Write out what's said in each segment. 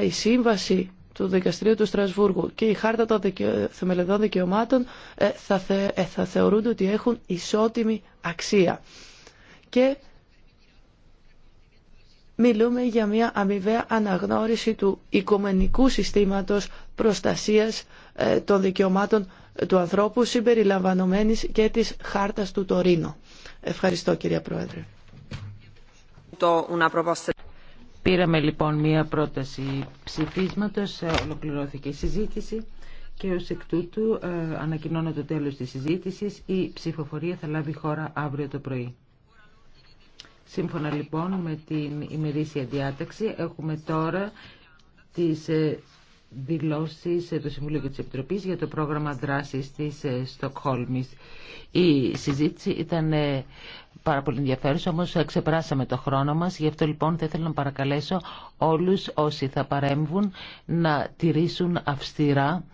η σύμβαση του Δικαστηρίου του Στρασβούργου και η Χάρτα των Θεμελιωδών Δικαιωμάτων ε, ε, θα, θεωρούνται ότι έχουν ισότιμη αξία. Και μιλούμε για μια αμοιβαία αναγνώριση του οικομενικού συστήματος προστασίας ε, των δικαιωμάτων του ανθρώπου συμπεριλαμβανομένης και της Χάρτας του Τωρίνο. Ευχαριστώ κυρία Πρόεδρε. Πήραμε λοιπόν μία πρόταση ψηφίσματος, ε, ολοκληρώθηκε η συζήτηση και ως εκ τούτου ε, ανακοινώνω το τέλος της συζήτησης. Η ψηφοφορία θα λάβει χώρα αύριο το πρωί. Σύμφωνα λοιπόν με την ημερήσια διάταξη έχουμε τώρα τις ε, δηλώσεις του Συμβουλίου και της Επιτροπής για το πρόγραμμα δράσης της Στοκχόλμης. Η συζήτηση ήταν πάρα πολύ ενδιαφέρουσα, όμως ξεπεράσαμε το χρόνο μας. Γι' αυτό λοιπόν θα ήθελα να παρακαλέσω όλους όσοι θα παρέμβουν να τηρήσουν αυστηρά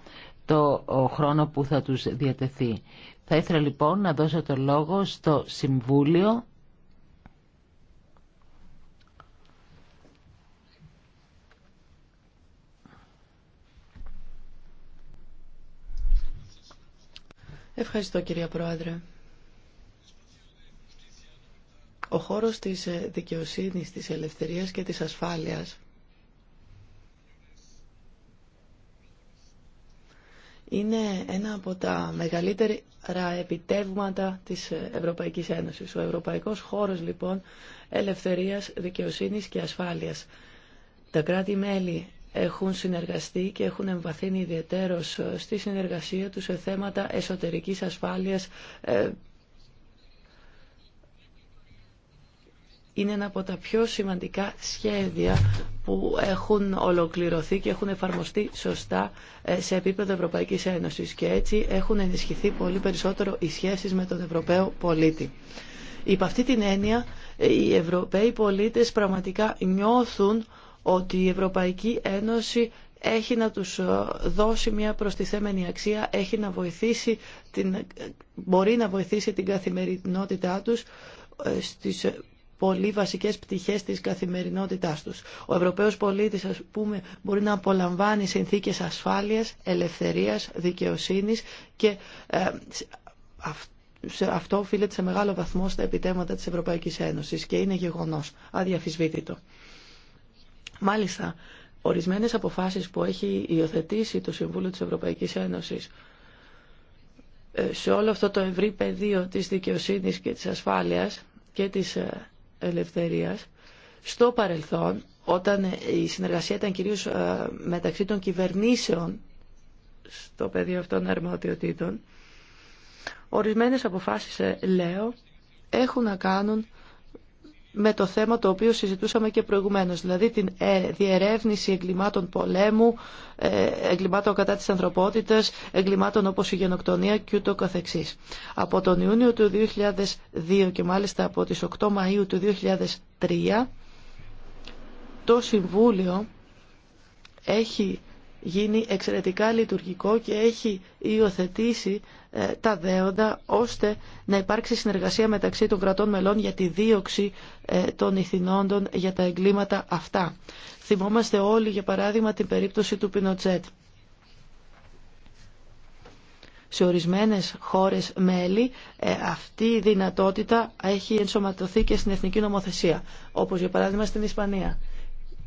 το χρόνο που θα τους διατεθεί. Θα ήθελα λοιπόν να δώσω το λόγο στο Συμβούλιο. Ευχαριστώ κυρία Πρόεδρε. Ο χώρος της ε, δικαιοσύνης, της ελευθερίας και της ασφάλειας είναι ένα από τα μεγαλύτερα επιτεύγματα της ε, Ευρωπαϊκής Ένωσης. Ο ευρωπαϊκός χώρος λοιπόν ελευθερίας, δικαιοσύνης και ασφάλειας. Τα κράτη-μέλη έχουν συνεργαστεί και έχουν εμβαθύνει ιδιαίτερως ε, στη συνεργασία τους σε θέματα εσωτερικής ασφάλειας, είναι ένα από τα πιο σημαντικά σχέδια που έχουν ολοκληρωθεί και έχουν εφαρμοστεί σωστά ε, σε επίπεδο Ευρωπαϊκής Ένωσης και έτσι έχουν ενισχυθεί πολύ περισσότερο οι σχέσεις με τον Ευρωπαίο πολίτη. Υπ' αυτή την έννοια ε, οι Ευρωπαίοι πολίτες πραγματικά νιώθουν ότι η Ευρωπαϊκή Ένωση έχει να τους ε, δώσει μια προστιθέμενη αξία, έχει να βοηθήσει την, μπορεί να βοηθήσει την καθημερινότητά τους στις πολύ βασικές πτυχές της καθημερινότητάς τους. Ο Ευρωπαίος πολίτης, ας πούμε, μπορεί να απολαμβάνει συνθήκες ασφάλειας, ελευθερίας, δικαιοσύνης και ε, αυτό οφείλεται σε μεγάλο βαθμό στα επιτέματα της Ευρωπαϊκής Ένωσης και είναι γεγονός, αδιαφυσβήτητο. Μάλιστα, ορισμένες αποφάσεις που έχει υιοθετήσει το Συμβούλιο της Ευρωπαϊκής Ένωσης ε, σε όλο αυτό το ευρύ πεδίο της δικαιοσύνης και της ασφάλειας και της ε, ελευθερίας στο παρελθόν όταν η συνεργασία ήταν κυρίως ε, μεταξύ των κυβερνήσεων στο πεδίο αυτών αρμοδιοτήτων, ορισμένες αποφάσεις, ε, λέω, έχουν να κάνουν με το θέμα το οποίο συζητούσαμε και προηγουμένως, δηλαδή την ε, διερεύνηση εγκλημάτων πολέμου, ε, εγκλημάτων κατά της ανθρωπότητας, εγκλημάτων όπως η γενοκτονία και ούτω καθεξής. Από τον Ιούνιο του 2002 και μάλιστα από τις 8 Μαΐου του 2003, το Συμβούλιο έχει γίνει εξαιρετικά λειτουργικό και έχει υιοθετήσει ε, τα δέοντα ώστε να υπάρξει συνεργασία μεταξύ των κρατών μελών για τη δίωξη ε, των ηθινόντων για τα εγκλήματα αυτά. Θυμόμαστε όλοι, για παράδειγμα, την περίπτωση του Πινοτσέτ. Σε ορισμένες χώρες μέλη ε, αυτή η δυνατότητα έχει ενσωματωθεί και στην εθνική νομοθεσία, όπως για παράδειγμα στην Ισπανία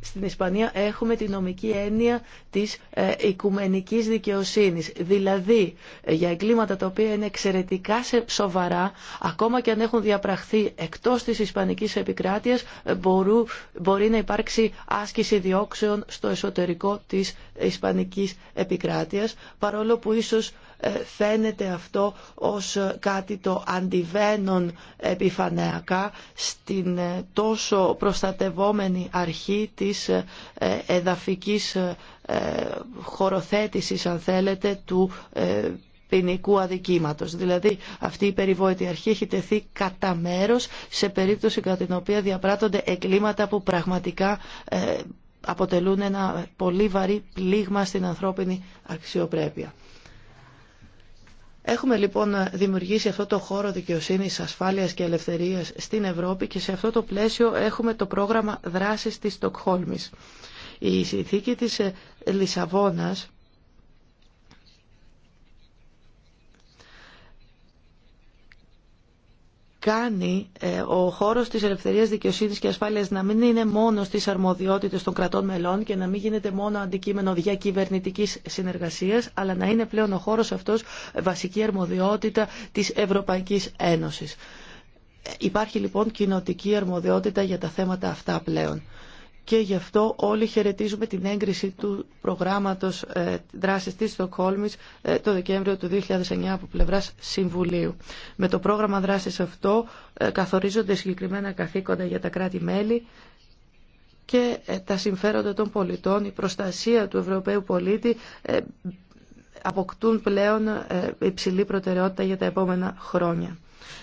στην Ισπανία έχουμε τη νομική έννοια της ε, οικουμενικής δικαιοσύνης. Δηλαδή, ε, για εγκλήματα τα οποία είναι εξαιρετικά σοβαρά, ακόμα και αν έχουν διαπραχθεί εκτός της Ισπανικής επικράτειας, ε, μπορού, μπορεί να υπάρξει άσκηση διώξεων στο εσωτερικό της Ισπανικής επικράτειας, παρόλο που ίσως φαίνεται αυτό ως κάτι το αντιβαίνον επιφανειακά στην τόσο προστατευόμενη αρχή της της ε, εδαφικής ε, ε, χωροθέτησης αν θέλετε του ποινικού αδικήματος. Δηλαδή αυτή η περιβόητη αρχή έχει τεθεί κατά μέρο σε περίπτωση κατά την οποία διαπράττονται εγκλήματα που πραγματικά αποτελούν ένα πολύ βαρύ πλήγμα στην ανθρώπινη αξιοπρέπεια. Έχουμε λοιπόν δημιουργήσει αυτό το χώρο δικαιοσύνης, ασφάλειας και ελευθερίας στην Ευρώπη και σε αυτό το πλαίσιο έχουμε το πρόγραμμα δράσης της Στοκχόλμης. Η συνθήκη της Λισαβόνας κάνει ε, ο χώρος της ελευθερίας δικαιοσύνης και ασφάλειας να μην είναι μόνο στις αρμοδιότητες των κρατών μελών και να μην γίνεται μόνο αντικείμενο διακυβερνητικής συνεργασίας, αλλά να είναι πλέον ο χώρος αυτός βασική αρμοδιότητα της Ευρωπαϊκής Ένωσης. Ε, υπάρχει λοιπόν κοινοτική αρμοδιότητα για τα θέματα αυτά πλέον και γι' αυτό όλοι χαιρετίζουμε την έγκριση του προγράμματος ε, δράσης της Στοκχόλμης ε, το Δεκέμβριο του 2009 από πλευράς Συμβουλίου. Με το πρόγραμμα δράσης αυτό ε, καθορίζονται συγκεκριμένα καθήκοντα για τα κράτη-μέλη και τα συμφέροντα των πολιτών, η προστασία του Ευρωπαίου πολίτη αποκτούν πλέον υψηλή προτεραιότητα για τα επόμενα χρόνια.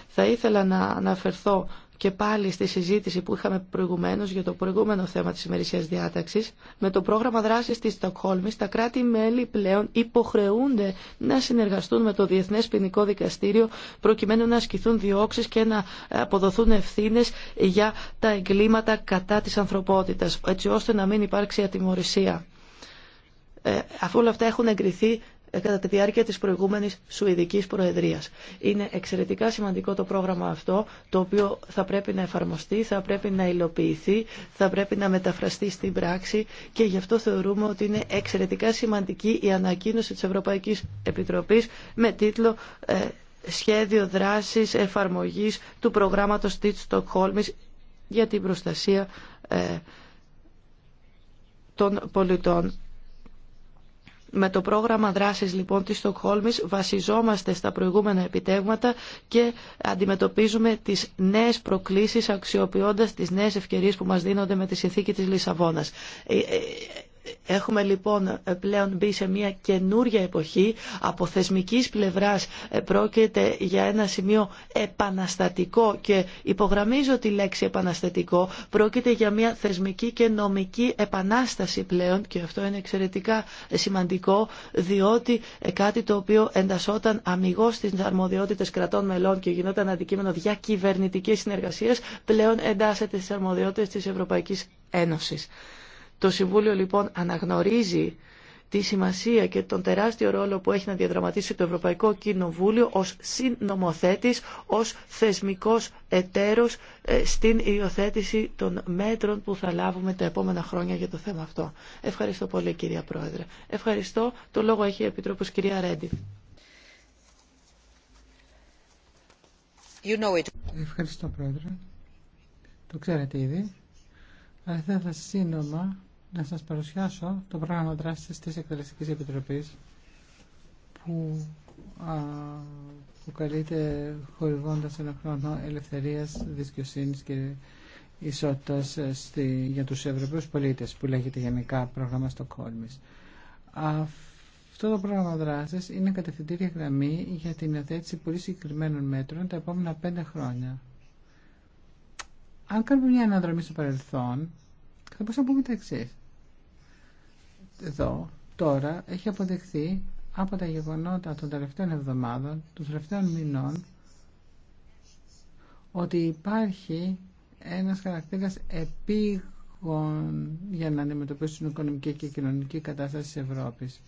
Θα ήθελα να αναφερθώ και πάλι στη συζήτηση που είχαμε προηγουμένως για το προηγούμενο θέμα της ημερησίας διάταξης, με το πρόγραμμα δράσης της Στοκχόλμη, τα κράτη-μέλη πλέον υποχρεούνται να συνεργαστούν με το Διεθνές Ποινικό Δικαστήριο προκειμένου να ασκηθούν διώξει και να αποδοθούν ευθύνε για τα εγκλήματα κατά της ανθρωπότητα, έτσι ώστε να μην υπάρξει ατιμορρησία. Ε, αφού όλα αυτά έχουν εγκριθεί ε, κατά τη διάρκεια της προηγούμενης Σουηδικής Προεδρίας. Είναι εξαιρετικά σημαντικό το πρόγραμμα αυτό, το οποίο θα πρέπει να εφαρμοστεί, θα πρέπει να υλοποιηθεί, θα πρέπει να μεταφραστεί στην πράξη και γι' αυτό θεωρούμε ότι είναι εξαιρετικά σημαντική η ανακοίνωση της Ευρωπαϊκής Επιτροπής με τίτλο ε, «Σχέδιο δράσης εφαρμογής του προγράμματος της Στοκχόλμης για την προστασία ε, των πολιτών». Με το πρόγραμμα δράσης λοιπόν της Στοκχόλμης βασιζόμαστε στα προηγούμενα επιτεύγματα και αντιμετωπίζουμε τις νέες προκλήσεις αξιοποιώντας τις νέες ευκαιρίες που μας δίνονται με τη συνθήκη της Λισαβόνας. Ε, ε, Έχουμε λοιπόν ε, πλέον μπει σε μια καινούρια εποχή. Από θεσμικής πλευράς ε, πρόκειται για ένα σημείο επαναστατικό και υπογραμμίζω τη λέξη επαναστατικό. Πρόκειται για μια θεσμική και νομική επανάσταση πλέον και αυτό είναι εξαιρετικά ε, σημαντικό διότι κάτι το οποίο εντασσόταν αμυγός στις αρμοδιότητες κρατών μελών και γινόταν αντικείμενο διακυβερνητικής συνεργασίας πλέον εντάσσεται στις αρμοδιότητες της Ευρωπαϊκής το Συμβούλιο λοιπόν αναγνωρίζει τη σημασία και τον τεράστιο ρόλο που έχει να διαδραματίσει το Ευρωπαϊκό Κοινοβούλιο ως συνομοθέτης, ως θεσμικός εταίρος ε, στην υιοθέτηση των μέτρων που θα λάβουμε τα επόμενα χρόνια για το θέμα αυτό. Ευχαριστώ πολύ κυρία Πρόεδρε. Ευχαριστώ. Το λόγο έχει η Επιτρόπος κυρία Ρέντι. You know it. Ευχαριστώ Πρόεδρε. Το ξέρετε ήδη. Αλλά θα σύνομα να σας παρουσιάσω το πρόγραμμα δράσης της Εκτελεστικής Επιτροπής που, α, που καλείται χορηγώντας ένα χρόνο ελευθερίας, δικαιοσύνης και ισότητας ε, για τους Ευρωπαίους πολίτες που λέγεται γενικά πρόγραμμα Στοκόλμης. Αυτό το πρόγραμμα δράσης είναι κατευθυντήρια γραμμή για την αθέτηση πολύ συγκεκριμένων μέτρων τα επόμενα πέντε χρόνια. Αν κάνουμε μια αναδρομή στο παρελθόν, θα μπορούσαμε να πούμε τα εξή εδώ τώρα έχει αποδεχθεί από τα γεγονότα των τελευταίων εβδομάδων, των τελευταίων μηνών, ότι υπάρχει ένας χαρακτήρας επίγον για να αντιμετωπίσουν οικονομική και κοινωνική κατάσταση της Ευρώπης.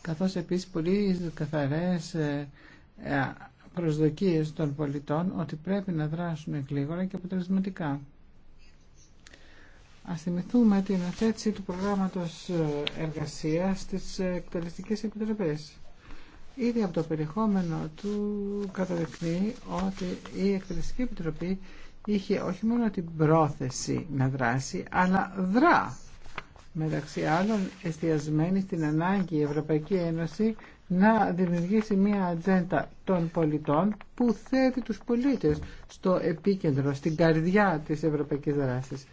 Καθώς επίσης πολύ καθαρές ε, ε, προσδοκίες των πολιτών ότι πρέπει να δράσουν γλίγορα και αποτελεσματικά. Α θυμηθούμε την αθέτηση του προγράμματο ε, εργασίας στις εκτελεστικές επιτροπές. Ήδη από το περιεχόμενο του καταδεικνύει ότι η εκτελεστική επιτροπή είχε όχι μόνο την πρόθεση να δράσει, αλλά δρά. Μεταξύ άλλων εστιασμένη στην ανάγκη η Ευρωπαϊκή Ένωση να δημιουργήσει μια ατζέντα των πολιτών που θέτει τους πολίτες στο επίκεντρο, στην καρδιά της ευρωπαϊκής δράσης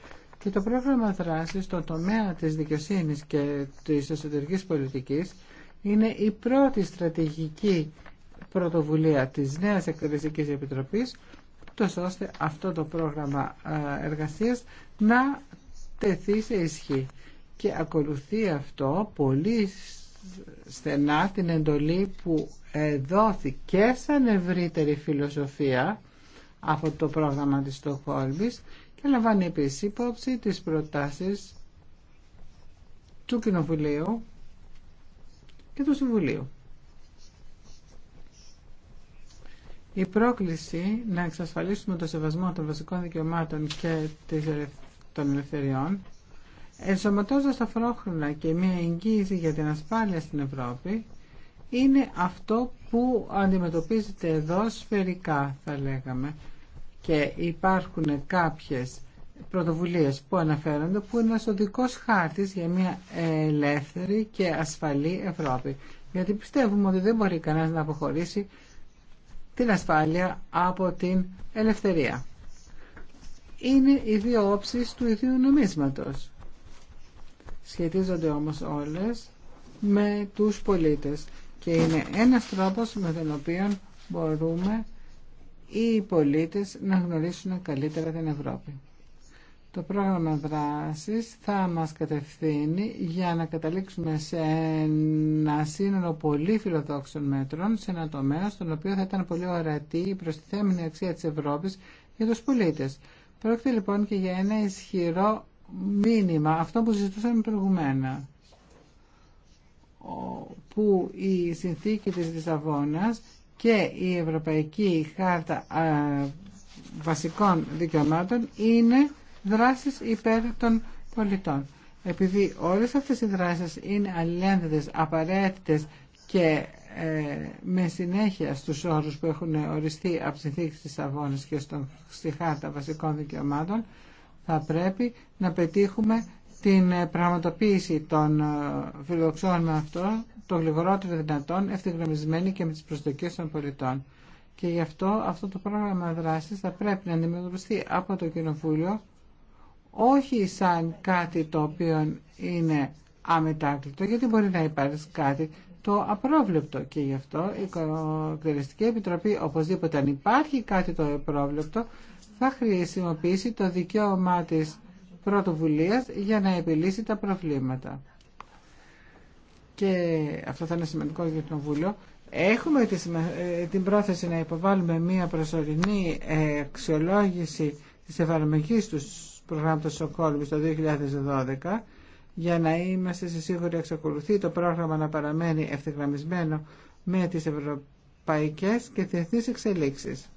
και το πρόγραμμα δράσης στον τομέα της δικαιοσύνης και της εσωτερικής πολιτικής είναι η πρώτη στρατηγική πρωτοβουλία της νέας εκτελεστικής επιτροπής τόσο ώστε αυτό το πρόγραμμα ε, εργασίας να τεθεί σε ισχύ και ακολουθεί αυτό πολύ στενά την εντολή που δόθηκε σαν ευρύτερη φιλοσοφία από το πρόγραμμα της Στοχόλμης και λαμβάνει επίσης υπόψη τις προτάσεις του Κοινοβουλίου και του Συμβουλίου. Η πρόκληση να εξασφαλίσουμε το σεβασμό των βασικών δικαιωμάτων και των ελευθεριών, τα ταυτόχρονα και μια εγγύηση για την ασφάλεια στην Ευρώπη, είναι αυτό που αντιμετωπίζεται εδώ σφαιρικά, θα λέγαμε και υπάρχουν κάποιες πρωτοβουλίες που αναφέρονται που είναι ένας οδικός χάρτης για μια ελεύθερη και ασφαλή Ευρώπη. Γιατί πιστεύουμε ότι δεν μπορεί κανένας να αποχωρήσει την ασφάλεια από την ελευθερία. Είναι οι δύο όψεις του ιδίου νομίσματος. Σχετίζονται όμως όλες με τους πολίτες και είναι ένας τρόπος με τον οποίο μπορούμε οι πολίτες να γνωρίσουν καλύτερα την Ευρώπη. Το πρόγραμμα δράσης θα μας κατευθύνει για να καταλήξουμε σε ένα σύνολο πολύ φιλοδόξων μέτρων σε ένα τομέα στον οποίο θα ήταν πολύ ορατή η προστιθέμενη αξία της Ευρώπης για τους πολίτες. Πρόκειται λοιπόν και για ένα ισχυρό μήνυμα, αυτό που συζητούσαμε προηγουμένα, που η συνθήκη της Λισαβόνας και η Ευρωπαϊκή Χάρτα Βασικών Δικαιωμάτων είναι δράσεις υπέρ των πολιτών. Επειδή όλες αυτές οι δράσεις είναι αλληλένδετες, απαραίτητες και ε, με συνέχεια στους όρους που έχουν οριστεί από συνθήκες της Αβώνης και στον, στη Χάρτα Βασικών Δικαιωμάτων, θα πρέπει να πετύχουμε την ε, πραγματοποίηση των ε, φιλοξών με αυτό το γλυγορότερο δυνατόν ευθυγραμμισμένη και με τις προσδοκίες των πολιτών. Και γι' αυτό αυτό το πρόγραμμα δράσης θα πρέπει να αντιμετωπιστεί από το Κοινοβούλιο όχι σαν κάτι το οποίο είναι αμετάκλητο, γιατί μπορεί να υπάρξει κάτι το απρόβλεπτο και γι' αυτό η Εκτελεστική Επιτροπή οπωσδήποτε αν υπάρχει κάτι το απρόβλεπτο θα χρησιμοποιήσει το δικαίωμά της πρωτοβουλίας για να επιλύσει τα προβλήματα και αυτό θα είναι σημαντικό για το Βούλιο. έχουμε ε, την πρόθεση να υποβάλουμε μία προσωρινή ε, αξιολόγηση της εφαρμογής του προγράμματος Σοκόλμης το 2012 για να είμαστε σε σίγουροι εξακολουθεί το πρόγραμμα να παραμένει ευθυγραμμισμένο με τις ευρωπαϊκές και διεθνείς εξελίξεις.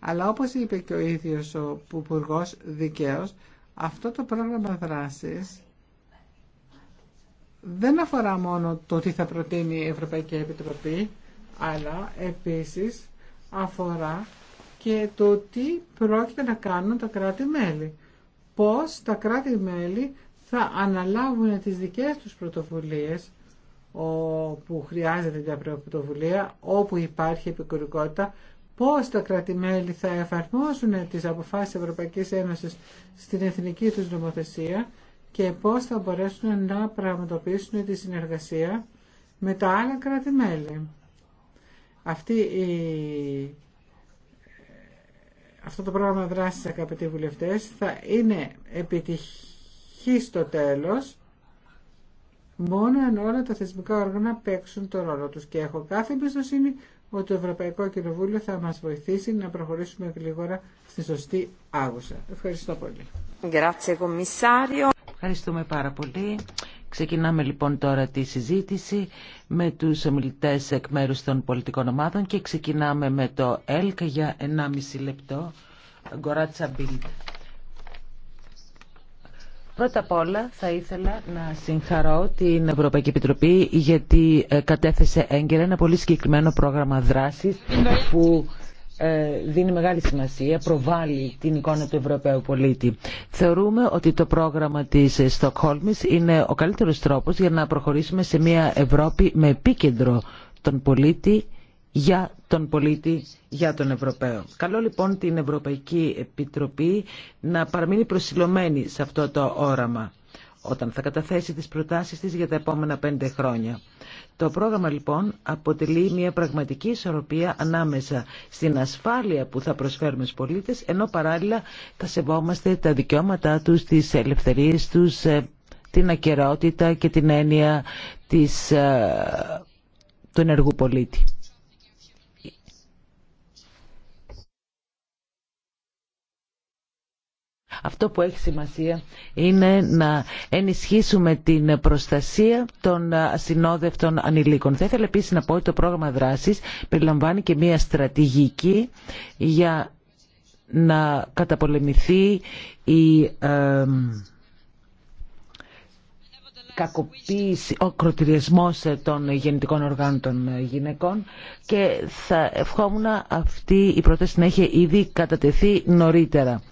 Αλλά όπως είπε και ο ίδιος ο Υπουργό δικαίως, αυτό το πρόγραμμα δράσης δεν αφορά μόνο το τι θα προτείνει η Ευρωπαϊκή Επιτροπή, αλλά επίσης αφορά και το τι πρόκειται να κάνουν τα κράτη-μέλη. Πώς τα κράτη-μέλη θα αναλάβουν τις δικές τους πρωτοβουλίες όπου χρειάζεται η πρωτοβουλία, όπου υπάρχει επικουρικότητα, πώς τα κράτη-μέλη θα εφαρμόσουν τις αποφάσεις Ευρωπαϊκής Ένωσης στην εθνική τους νομοθεσία και πώς θα μπορέσουν να πραγματοποιήσουν τη συνεργασία με τα άλλα κράτη-μέλη. Αυτό το πρόγραμμα δράσης, αγαπητοί βουλευτές, θα είναι επιτυχή στο τέλος μόνο αν όλα τα θεσμικά όργανα παίξουν το ρόλο τους. Και έχω κάθε εμπιστοσύνη ότι το Ευρωπαϊκό Κοινοβούλιο θα μας βοηθήσει να προχωρήσουμε γρήγορα στη σωστή άγουσα. Ευχαριστώ πολύ. Ευχαριστούμε πάρα πολύ. Ξεκινάμε λοιπόν τώρα τη συζήτηση με τους ομιλητές εκ μέρους των πολιτικών ομάδων και ξεκινάμε με το ΕΛΚ για 1,5 λεπτό. Γκοράτσα Πρώτα απ' όλα θα ήθελα να συγχαρώ την Ευρωπαϊκή Επιτροπή γιατί ε, κατέθεσε έγκαιρα ένα πολύ συγκεκριμένο πρόγραμμα δράσης που ε, δίνει μεγάλη σημασία, προβάλλει την εικόνα του Ευρωπαίου πολίτη. Θεωρούμε ότι το πρόγραμμα της Στοκχόλμης είναι ο καλύτερος τρόπος για να προχωρήσουμε σε μια Ευρώπη με επίκεντρο τον πολίτη για τον πολίτη, για τον Ευρωπαίο. Καλό λοιπόν την Ευρωπαϊκή Επιτροπή να παραμείνει προσιλωμένη σε αυτό το όραμα όταν θα καταθέσει τις προτάσεις της για τα επόμενα πέντε χρόνια. Το πρόγραμμα λοιπόν αποτελεί μια πραγματική ισορροπία ανάμεσα στην ασφάλεια που θα προσφέρουμε στους πολίτες ενώ παράλληλα θα σεβόμαστε τα δικαιώματά τους, τις ελευθερίες τους, ε, την ακαιρεότητα και την έννοια της, ε, του ενεργού πολίτη. Αυτό που έχει σημασία είναι να ενισχύσουμε την προστασία των ασυνόδευτων ανηλίκων. Θα ήθελα επίσης να πω ότι το πρόγραμμα δράσης περιλαμβάνει και μια στρατηγική για να καταπολεμηθεί η κακοποίηση, ο κροτηριασμός των γεννητικών οργάνων των γυναικών και θα ευχόμουν αυτή η πρόταση να έχει ήδη κατατεθεί νωρίτερα.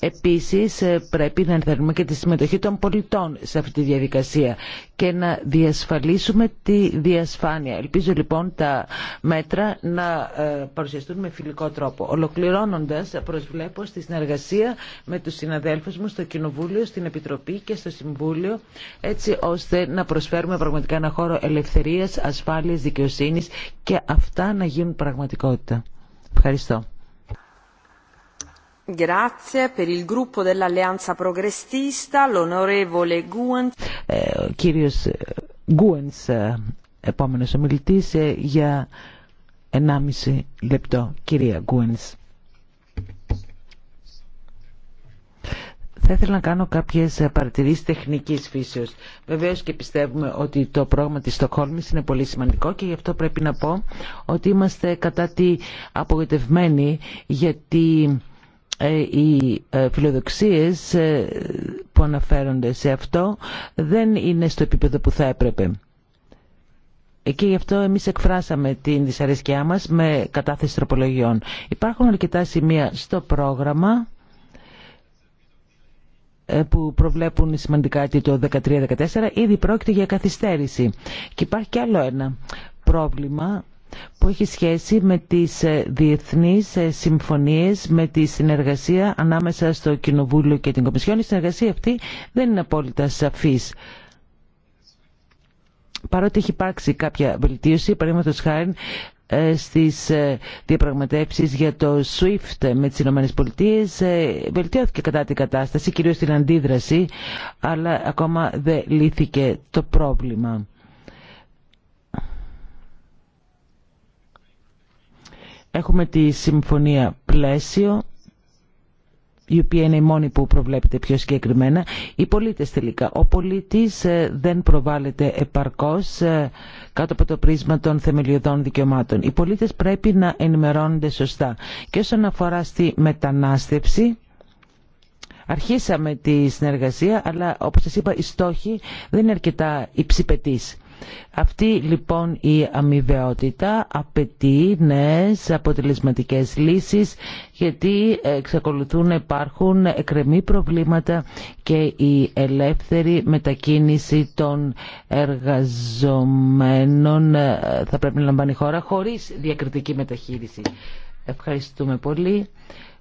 Επίσης ε, πρέπει να ενθαρρύνουμε και τη συμμετοχή των πολιτών σε αυτή τη διαδικασία και να διασφαλίσουμε τη διασφάνεια. Ελπίζω λοιπόν τα μέτρα να ε, παρουσιαστούν με φιλικό τρόπο. Ολοκληρώνοντας προσβλέπω στη συνεργασία με τους συναδέλφους μου στο Κοινοβούλιο, στην Επιτροπή και στο Συμβούλιο έτσι ώστε να προσφέρουμε πραγματικά ένα χώρο ελευθερίας, ασφάλειας, δικαιοσύνης και αυτά να γίνουν πραγματικότητα. Ευχαριστώ. Ε, ο κύριος Γκουενς, ε, επόμενος ομιλητής, ε, για 1,5 λεπτό. Κυρία Γκουενς. Θα ήθελα να κάνω κάποιες ε, παρατηρήσεις τεχνικής φύσεως. Βεβαίως και πιστεύουμε ότι το πρόγραμμα της Στοκχόλμης είναι πολύ σημαντικό και γι' αυτό πρέπει να πω ότι είμαστε κατά τη απογοητευμένοι γιατί ε, οι ε, φιλοδοξίες ε, που αναφέρονται σε αυτό δεν είναι στο επίπεδο που θα έπρεπε. Και γι' αυτό εμείς εκφράσαμε την δυσαρέσκειά μας με κατάθεση τροπολογιών. Υπάρχουν αρκετά σημεία στο πρόγραμμα που προβλέπουν σημαντικά ότι το 2013-2014 ήδη πρόκειται για καθυστέρηση. Και υπάρχει και άλλο ένα πρόβλημα που έχει σχέση με τις ε, διεθνείς ε, συμφωνίες, με τη συνεργασία ανάμεσα στο Κοινοβούλιο και την Κομισιόν. Η συνεργασία αυτή δεν είναι απόλυτα σαφής. Παρότι έχει υπάρξει κάποια βελτίωση, παραδείγματος χάρη, ε, στις διαπραγματεύσεις για το SWIFT με τις Ηνωμένες Πολιτείες βελτιώθηκε κατά την κατάσταση, κυρίως την αντίδραση, αλλά ακόμα δεν λύθηκε το πρόβλημα. Έχουμε τη συμφωνία πλαίσιο, η οποία είναι η μόνη που προβλέπεται πιο συγκεκριμένα. Οι πολίτες τελικά. Ο πολίτης ε, δεν προβάλλεται επαρκώς ε, κάτω από το πρίσμα των θεμελιωδών δικαιωμάτων. Οι πολίτες πρέπει να ενημερώνονται σωστά. Και όσον αφορά στη μετανάστευση, αρχίσαμε τη συνεργασία, αλλά όπως σας είπα οι στόχοι δεν είναι αρκετά υψηπετής. Αυτή λοιπόν η αμοιβαιότητα απαιτεί νέες αποτελεσματικές λύσεις γιατί εξακολουθούν να υπάρχουν εκρεμή προβλήματα και η ελεύθερη μετακίνηση των εργαζομένων ε, θα πρέπει να λαμβάνει η χώρα χωρίς διακριτική μεταχείριση. Ευχαριστούμε πολύ.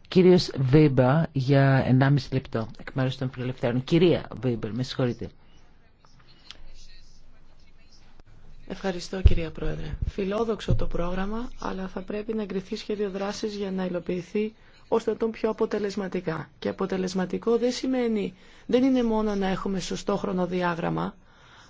Κύριος Βίμπα για 1,5 λεπτό εκ μέρους των φιλελευθέρων. Κυρία Βίμπερ, με συγχωρείτε. Ευχαριστώ κυρία Πρόεδρε. Φιλόδοξο το πρόγραμμα, αλλά θα πρέπει να εγκριθεί σχέδιο δράσης για να υλοποιηθεί ώστε τον πιο αποτελεσματικά. Και αποτελεσματικό δεν σημαίνει, δεν είναι μόνο να έχουμε σωστό χρονοδιάγραμμα,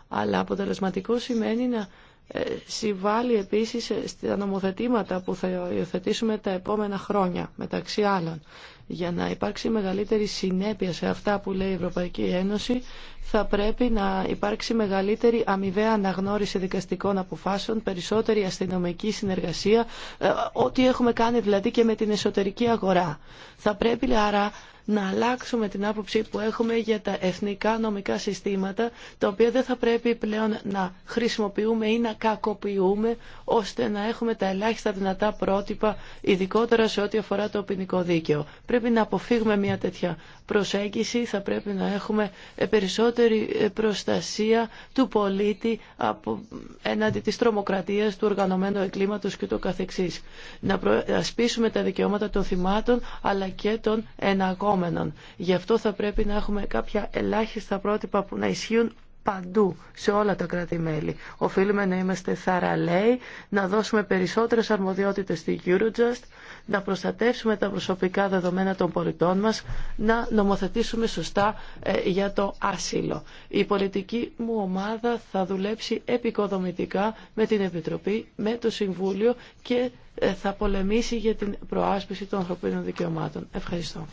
αλλά αποτελεσματικό σημαίνει να ε, συμβάλλει επίσης ε, στα νομοθετήματα που θα υιοθετήσουμε τα επόμενα χρόνια, μεταξύ άλλων. Για να υπάρξει μεγαλύτερη συνέπεια σε αυτά που λέει η Ευρωπαϊκή Ένωση, θα πρέπει να υπάρξει μεγαλύτερη αμοιβαία αναγνώριση δικαστικών αποφάσεων, περισσότερη αστυνομική συνεργασία, ε, ό,τι έχουμε κάνει δηλαδή και με την εσωτερική αγορά. Θα πρέπει άρα να αλλάξουμε την άποψη που έχουμε για τα εθνικά νομικά συστήματα, τα οποία δεν θα πρέπει πλέον να χρησιμοποιούμε ή να κακοποιούμε, ώστε να έχουμε τα ελάχιστα δυνατά πρότυπα, ειδικότερα σε ό,τι αφορά το ποινικό δίκαιο. Πρέπει να αποφύγουμε μια τέτοια προσέγγιση, θα πρέπει να έχουμε ε, περισσότερη περισσότερη ε, προστασία του πολίτη από, έναντι της τρομοκρατίας, του οργανωμένου εγκλήματος και το καθεξής. Να ασπίσουμε τα δικαιώματα των θυμάτων αλλά και των εναγόμενων. Γι' αυτό θα πρέπει να έχουμε κάποια ελάχιστα πρότυπα που να ισχύουν παντού, σε όλα τα κράτη-μέλη. Οφείλουμε να είμαστε θαραλέοι, να δώσουμε περισσότερες αρμοδιότητες στη Eurojust, να προστατεύσουμε τα προσωπικά δεδομένα των πολιτών μας, να νομοθετήσουμε σωστά ε, για το άσυλο. Η πολιτική μου ομάδα θα δουλέψει επικοδομητικά με την Επιτροπή, με το Συμβούλιο και ε, θα πολεμήσει για την προάσπιση των ανθρωπίνων δικαιωμάτων. Ευχαριστώ.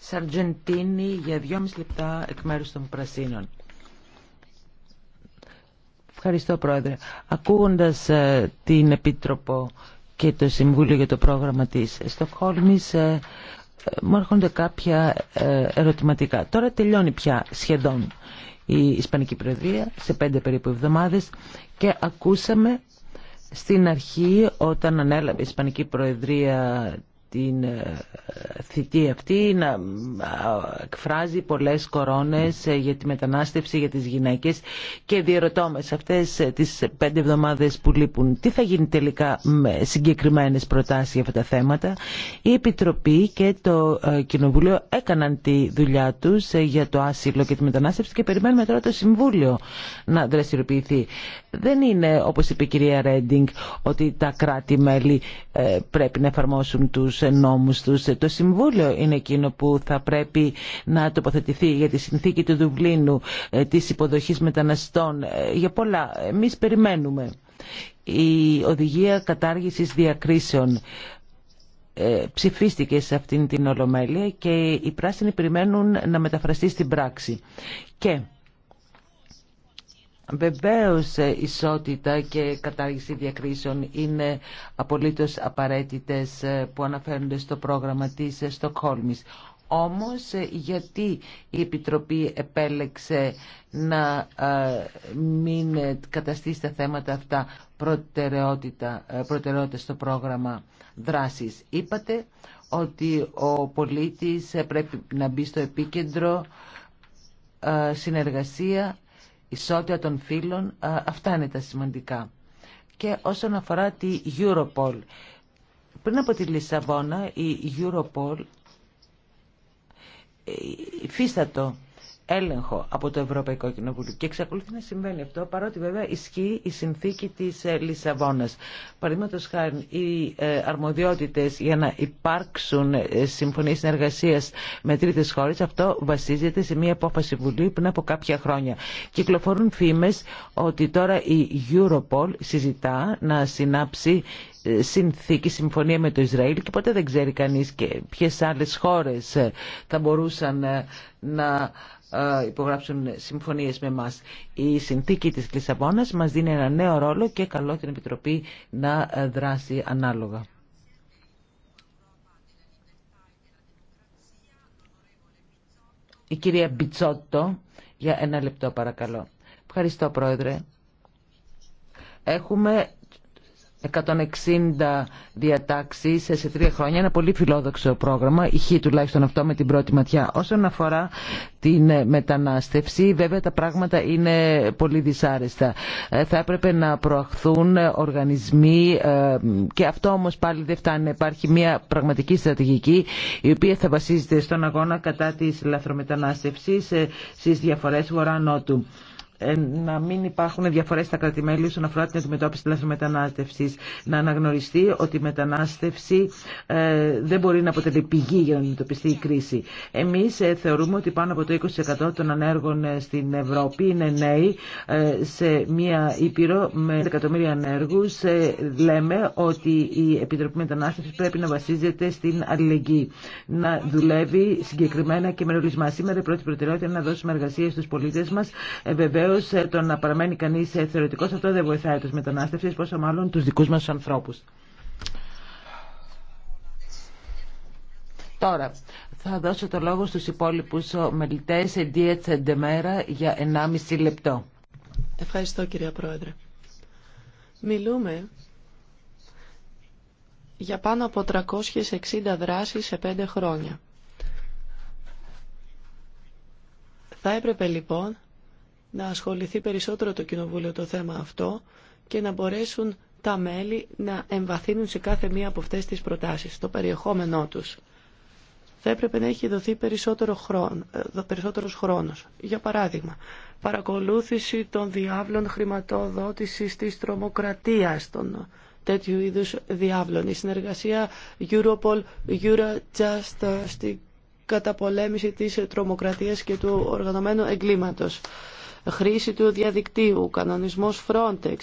Σαρτζεντίνη για δυόμιση λεπτά εκ μέρους των Πρασίνων. Ευχαριστώ Πρόεδρε. Ακούγοντας ε, την Επίτροπο και το Συμβούλιο για το πρόγραμμα της Στοκχόλμης ε, ε, μου έρχονται κάποια ερωτηματικά. Τώρα τελειώνει πια σχεδόν η Ισπανική Προεδρία σε πέντε περίπου εβδομάδες και ακούσαμε στην αρχή όταν ανέλαβε η Ισπανική Προεδρία την ε, θητή αυτή να ε, εκφράζει πολλές κορώνες ε, για τη μετανάστευση για τις γυναίκες και διαρωτώ με σε αυτές τις πέντε εβδομάδες που λείπουν τι θα γίνει τελικά με συγκεκριμένες προτάσεις για αυτά τα θέματα η Επιτροπή και το Κοινοβούλιο έκαναν τη δουλειά τους για το άσυλο και τη μετανάστευση και περιμένουμε τώρα το Συμβούλιο να δραστηριοποιηθεί δεν είναι όπως είπε η κυρία Ρέντινγκ ότι τα κράτη-μέλη πρέπει να εφαρμόσουν τους νόμους τους. Το Συμβούλιο είναι εκείνο που θα πρέπει να τοποθετηθεί για τη συνθήκη του Δουβλίνου, ε, της υποδοχής μεταναστών, ε, για πολλά. Εμείς περιμένουμε. Η οδηγία κατάργησης διακρίσεων ε, ψηφίστηκε σε αυτήν την Ολομέλεια και οι πράσινοι περιμένουν να μεταφραστεί στην πράξη. Και Βεβαίως ε, ισότητα και κατάργηση διακρίσεων είναι απολύτως απαραίτητες ε, που αναφέρονται στο πρόγραμμα της ε, Στοκχόλμης. Όμως γιατί η Επιτροπή επέλεξε να μην καταστήσει τα θέματα αυτά προτεραιότητα, προτεραιότητα στο πρόγραμμα δράσης. Είπατε ότι ο πολίτης πρέπει να μπει στο επίκεντρο συνεργασία ισότητα των φύλων, αυτά είναι τα σημαντικά. Και όσον αφορά τη Europol, πριν από τη Λισαβόνα η Europol ε, υφίστατο έλεγχο από το Ευρωπαϊκό Κοινοβούλιο. Και εξακολουθεί να συμβαίνει αυτό, παρότι βέβαια ισχύει η συνθήκη τη ε, Λισαβόνα. Παραδείγματο χάρη, οι ε, αρμοδιότητε για να υπάρξουν ε, συμφωνίε συνεργασία με τρίτε χώρε. αυτό βασίζεται σε μια απόφαση βουλή πριν από κάποια χρόνια. Κυκλοφορούν φήμε ότι τώρα η Europol συζητά να συνάψει συνθήκη, συμφωνία με το Ισραήλ και ποτέ δεν ξέρει κανείς και ποιες άλλες χώρες θα μπορούσαν να υπογράψουν συμφωνίες με μας. Η συνθήκη της Λισαβόνας μας δίνει ένα νέο ρόλο και καλό την Επιτροπή να δράσει ανάλογα. Η κυρία Μπιτσότο, για ένα λεπτό παρακαλώ. Ευχαριστώ πρόεδρε. Έχουμε 160 διατάξει σε τρία χρόνια. Ένα πολύ φιλόδοξο πρόγραμμα, ηχεί τουλάχιστον αυτό με την πρώτη ματιά. Όσον αφορά την ε, μετανάστευση, βέβαια τα πράγματα είναι πολύ δυσάρεστα. Ε, θα έπρεπε να προαχθούν ε, οργανισμοί και αυτό όμω πάλι δεν φτάνει. Υπάρχει μια πραγματική στρατηγική η οποία θα βασίζεται στον αγώνα κατά της λαθρομετανάστευσης στις διαφορές βορρά-νότου. Ε, να μην υπάρχουν διαφορές στα κρατημέλη όσον αφορά την αντιμετώπιση της μετανάστευσης. Να αναγνωριστεί ότι η μετανάστευση ε, δεν μπορεί να αποτελεί πηγή για να αντιμετωπιστεί η κρίση. Εμείς ε, θεωρούμε ότι πάνω από το 20% των ανέργων στην Ευρώπη είναι νέοι σε μία ήπειρο με εκατομμύρια ανέργους. Λέμε ότι η Επιτροπή Μετανάστευσης πρέπει να βασίζεται στην αλληλεγγύη. Να δουλεύει συγκεκριμένα και με ρολισμά. Σήμερα η πρώτη προτεραιότητα είναι να δώσουμε εργασία στους πολίτες μας βεβαίω το να παραμένει κανείς ε, θεωρητικός αυτό δεν βοηθάει τους μετανάστευση πόσο μάλλον τους δικούς μας ανθρώπους. Τώρα, θα δώσω το λόγο στους υπόλοιπους μελητές Ντεμέρα για 1,5 λεπτό. Ευχαριστώ κυρία Πρόεδρε. Μιλούμε για πάνω από 360 δράσεις σε 5 χρόνια. Θα έπρεπε λοιπόν να ασχοληθεί περισσότερο το Κοινοβούλιο το θέμα αυτό και να μπορέσουν τα μέλη να εμβαθύνουν σε κάθε μία από αυτές τις προτάσεις, το περιεχόμενό τους. Θα έπρεπε να έχει δοθεί περισσότερο χρόνο, ε, περισσότερος χρόνος. Για παράδειγμα, παρακολούθηση των διάβλων χρηματοδότησης της τρομοκρατίας των τέτοιου είδους διάβλων. Η συνεργασία Europol, Eurojust ε, στην καταπολέμηση της τρομοκρατίας και του οργανωμένου εγκλήματος χρήση του διαδικτύου, κανονισμός Frontex,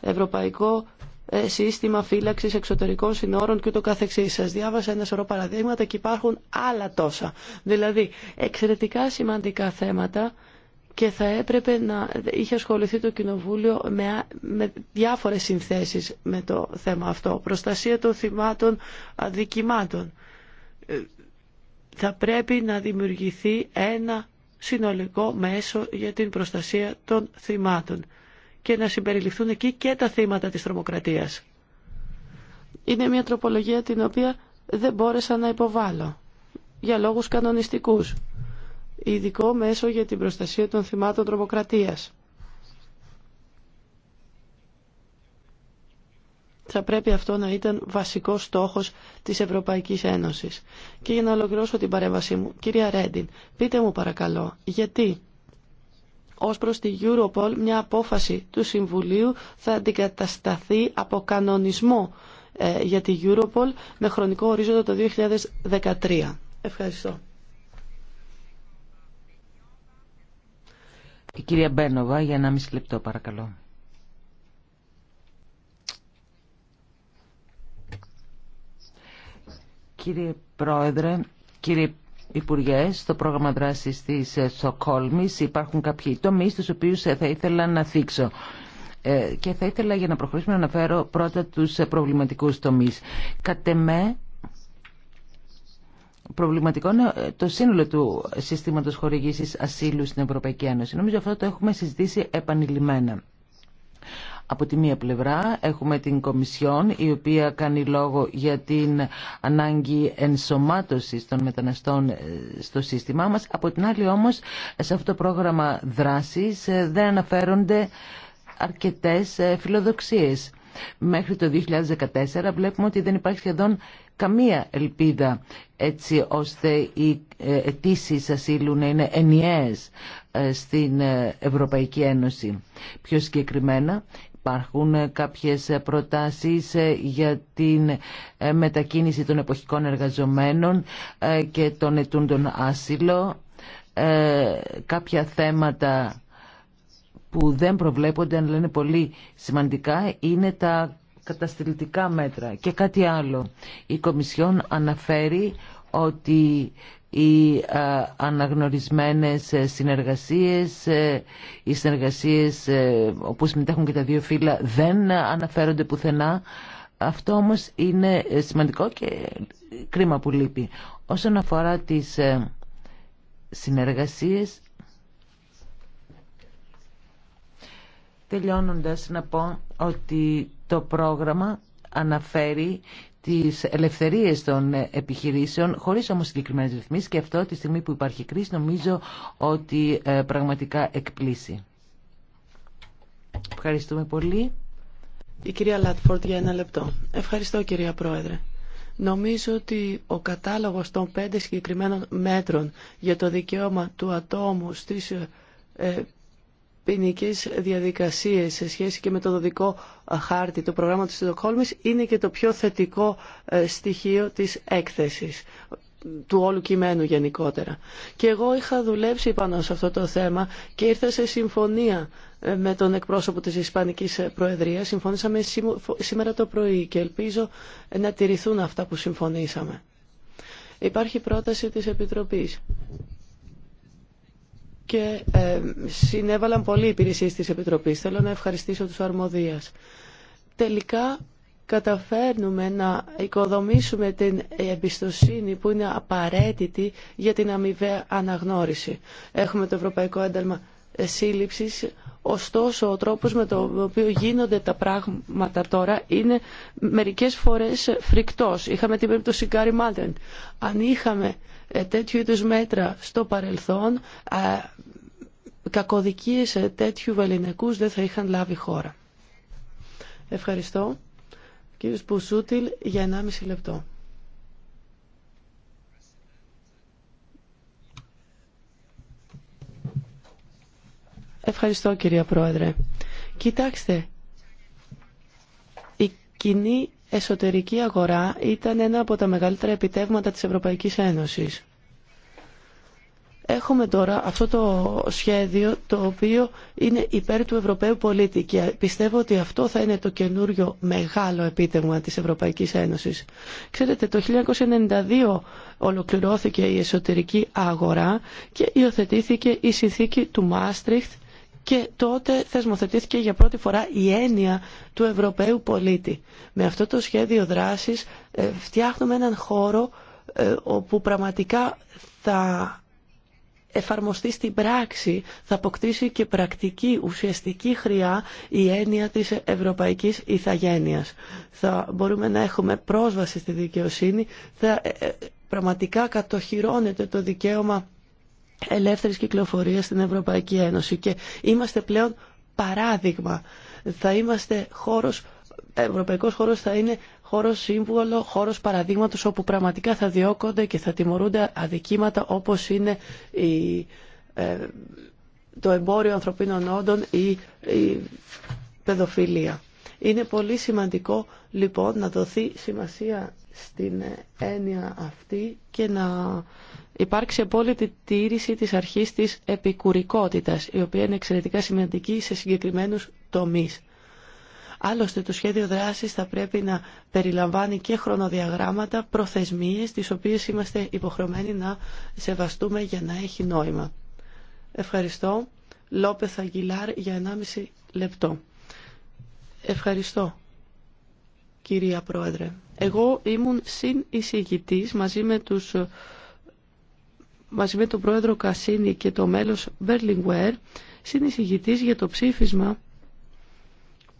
Ευρωπαϊκό ε, σύστημα Φύλαξης εξωτερικών συνόρων και καθεξής. Σας διάβασα ένα σωρό παραδείγματα και υπάρχουν άλλα τόσα. Δηλαδή, εξαιρετικά σημαντικά θέματα και θα έπρεπε να είχε ασχοληθεί το Κοινοβούλιο με, με διάφορες συνθέσεις με το θέμα αυτό. Προστασία των θυμάτων αδικημάτων. Ε, θα πρέπει να δημιουργηθεί ένα συνολικό μέσο για την προστασία των θυμάτων και να συμπεριληφθούν εκεί και τα θύματα της τρομοκρατίας. Είναι μια τροπολογία την οποία δεν μπόρεσα να υποβάλω για λόγους κανονιστικούς. Ειδικό μέσο για την προστασία των θυμάτων τρομοκρατίας. θα πρέπει αυτό να ήταν βασικό στόχος της Ευρωπαϊκής Ένωσης. Και για να ολοκληρώσω την παρέμβασή μου, κυρία Ρέντιν, πείτε μου παρακαλώ, γιατί ως προς τη Europol μια απόφαση του Συμβουλίου θα αντικατασταθεί από κανονισμό ε, για τη Europol με χρονικό ορίζοντα το 2013. Ευχαριστώ. Η κυρία Μπένοβα για μισή λεπτό παρακαλώ. Κύριε Πρόεδρε, κύριε Υπουργέ, στο πρόγραμμα δράσης της ε, Στοκόλμη υπάρχουν κάποιοι τομεί του οποίους ε, θα ήθελα να θίξω ε, και θα ήθελα για να προχωρήσουμε να αναφέρω πρώτα του προβληματικούς τομεί. Κατ' εμέ, προβληματικό είναι το σύνολο του συστήματος χορηγήσης ασύλου στην Ευρωπαϊκή Ένωση. Νομίζω αυτό το έχουμε συζητήσει επανειλημμένα. Από τη μία πλευρά έχουμε την Κομισιόν η οποία κάνει λόγο για την ανάγκη ενσωμάτωσης των μεταναστών ε, στο σύστημά μας. Από την άλλη όμως σε αυτό το πρόγραμμα δράσης ε, δεν αναφέρονται αρκετές ε, φιλοδοξίες. Μέχρι το 2014 βλέπουμε ότι δεν υπάρχει σχεδόν καμία ελπίδα έτσι ώστε οι αιτήσει ασύλου να είναι ενιαίες στην Ευρωπαϊκή Ένωση. Πιο συγκεκριμένα Υπάρχουν ε, κάποιες ε, προτάσεις ε, για την μετακίνηση των εποχικών εργαζομένων και των ετούντων άσυλο. Κάποια θέματα που δεν προβλέπονται, αν είναι πολύ σημαντικά, είναι τα καταστηλητικά μέτρα. Και κάτι άλλο. Η Κομισιόν αναφέρει ότι οι ε, αναγνωρισμένες ε, συνεργασίες, ε, οι συνεργασίες όπου συμμετέχουν και τα δύο φύλλα δεν αναφέρονται πουθενά. Αυτό όμως είναι σημαντικό και κρίμα που λείπει. Όσον αφορά τις συνεργασίες, τελειώνοντας να πω ότι το πρόγραμμα αναφέρει τις ελευθερίες των επιχειρήσεων χωρίς όμως συγκεκριμένες ρυθμίσεις και αυτό τη στιγμή που υπάρχει κρίση νομίζω ότι ε, πραγματικά εκπλήσει. Ευχαριστούμε πολύ. Η κυρία λάτφορτ για ένα λεπτό. Ευχαριστώ κυρία Πρόεδρε. Νομίζω ότι ο κατάλογος των πέντε συγκεκριμένων μέτρων για το δικαίωμα του ατόμου στις ε, ποινικέ διαδικασίε σε σχέση και με το δοδικό ε, χάρτη του προγράμματο τη Δοκόλμη είναι και το πιο θετικό ε, στοιχείο τη έκθεση του όλου κειμένου γενικότερα. Και εγώ είχα δουλέψει πάνω σε αυτό το θέμα και ήρθα σε συμφωνία ε, με τον εκπρόσωπο της Ισπανικής Προεδρίας. Συμφωνήσαμε σήμερα το πρωί και ελπίζω να τηρηθούν αυτά που συμφωνήσαμε. Υπάρχει πρόταση της Επιτροπής και ε, συνέβαλαν πολλοί υπηρεσίες της Επιτροπής. Θέλω να ευχαριστήσω τους αρμοδίας. Τελικά καταφέρνουμε να οικοδομήσουμε την εμπιστοσύνη που είναι απαραίτητη για την αμοιβαία αναγνώριση. Έχουμε το Ευρωπαϊκό Ένταλμα Σύλληψης, ωστόσο ο τρόπος με τον οποίο γίνονται τα πράγματα τώρα είναι μερικές φορές φρικτός. Είχαμε την περίπτωση Γκάρι Μάντεν. Αν είχαμε ε, τέτοιου είδους μέτρα στο παρελθόν, κακοδικίες ε, τέτοιου βεληνικούς δεν θα είχαν λάβει χώρα. Ευχαριστώ. Κύριος Πουσούτιλ, για 1,5 λεπτό. Ευχαριστώ κυρία Πρόεδρε. Κοιτάξτε, η κοινή εσωτερική αγορά ήταν ένα από τα μεγαλύτερα επιτεύγματα της Ευρωπαϊκής Ένωσης. Έχουμε τώρα αυτό το σχέδιο το οποίο είναι υπέρ του Ευρωπαίου πολίτη και πιστεύω ότι αυτό θα είναι το καινούριο μεγάλο επίτευγμα της Ευρωπαϊκής Ένωσης. Ξέρετε, το 1992 ολοκληρώθηκε η εσωτερική αγορά και υιοθετήθηκε η συνθήκη του Μάστριχτ και τότε θεσμοθετήθηκε για πρώτη φορά η έννοια του Ευρωπαίου πολίτη. Με αυτό το σχέδιο δράσης ε, φτιάχνουμε έναν χώρο ε, όπου πραγματικά θα εφαρμοστεί στην πράξη, θα αποκτήσει και πρακτική, ουσιαστική χρειά η έννοια της ευρωπαϊκής ηθαγένειας. Θα μπορούμε να έχουμε πρόσβαση στη δικαιοσύνη, θα ε, πραγματικά κατοχυρώνεται το δικαίωμα ελεύθερης κυκλοφορίας στην Ευρωπαϊκή Ένωση και είμαστε πλέον παράδειγμα. Θα είμαστε χώρος, ευρωπαϊκός χώρος θα είναι χώρος σύμβολο, χώρος παραδείγματος όπου πραγματικά θα διώκονται και θα τιμωρούνται αδικήματα όπως είναι ε, το εμπόριο ανθρωπίνων όντων ή η παιδοφιλία. Είναι πολύ σημαντικό λοιπόν να δοθεί σημασία στην ε, έννοια αυτή και να υπάρξει απόλυτη τήρηση της αρχής της επικουρικότητας, η οποία είναι εξαιρετικά σημαντική σε συγκεκριμένους τομείς. Άλλωστε το σχέδιο δράσης θα πρέπει να περιλαμβάνει και χρονοδιαγράμματα, προθεσμίες, τις οποίες είμαστε υποχρεωμένοι να σεβαστούμε για να έχει νόημα. Ευχαριστώ. Λόπεθ Αγγιλάρ για 1,5 λεπτό. Ευχαριστώ, κυρία Πρόεδρε. Εγώ ήμουν συνεισηγητής μαζί με τους μαζί με τον πρόεδρο Κασίνη και το μέλος Μπέρλινγκουέρ, συνεισηγητής για το ψήφισμα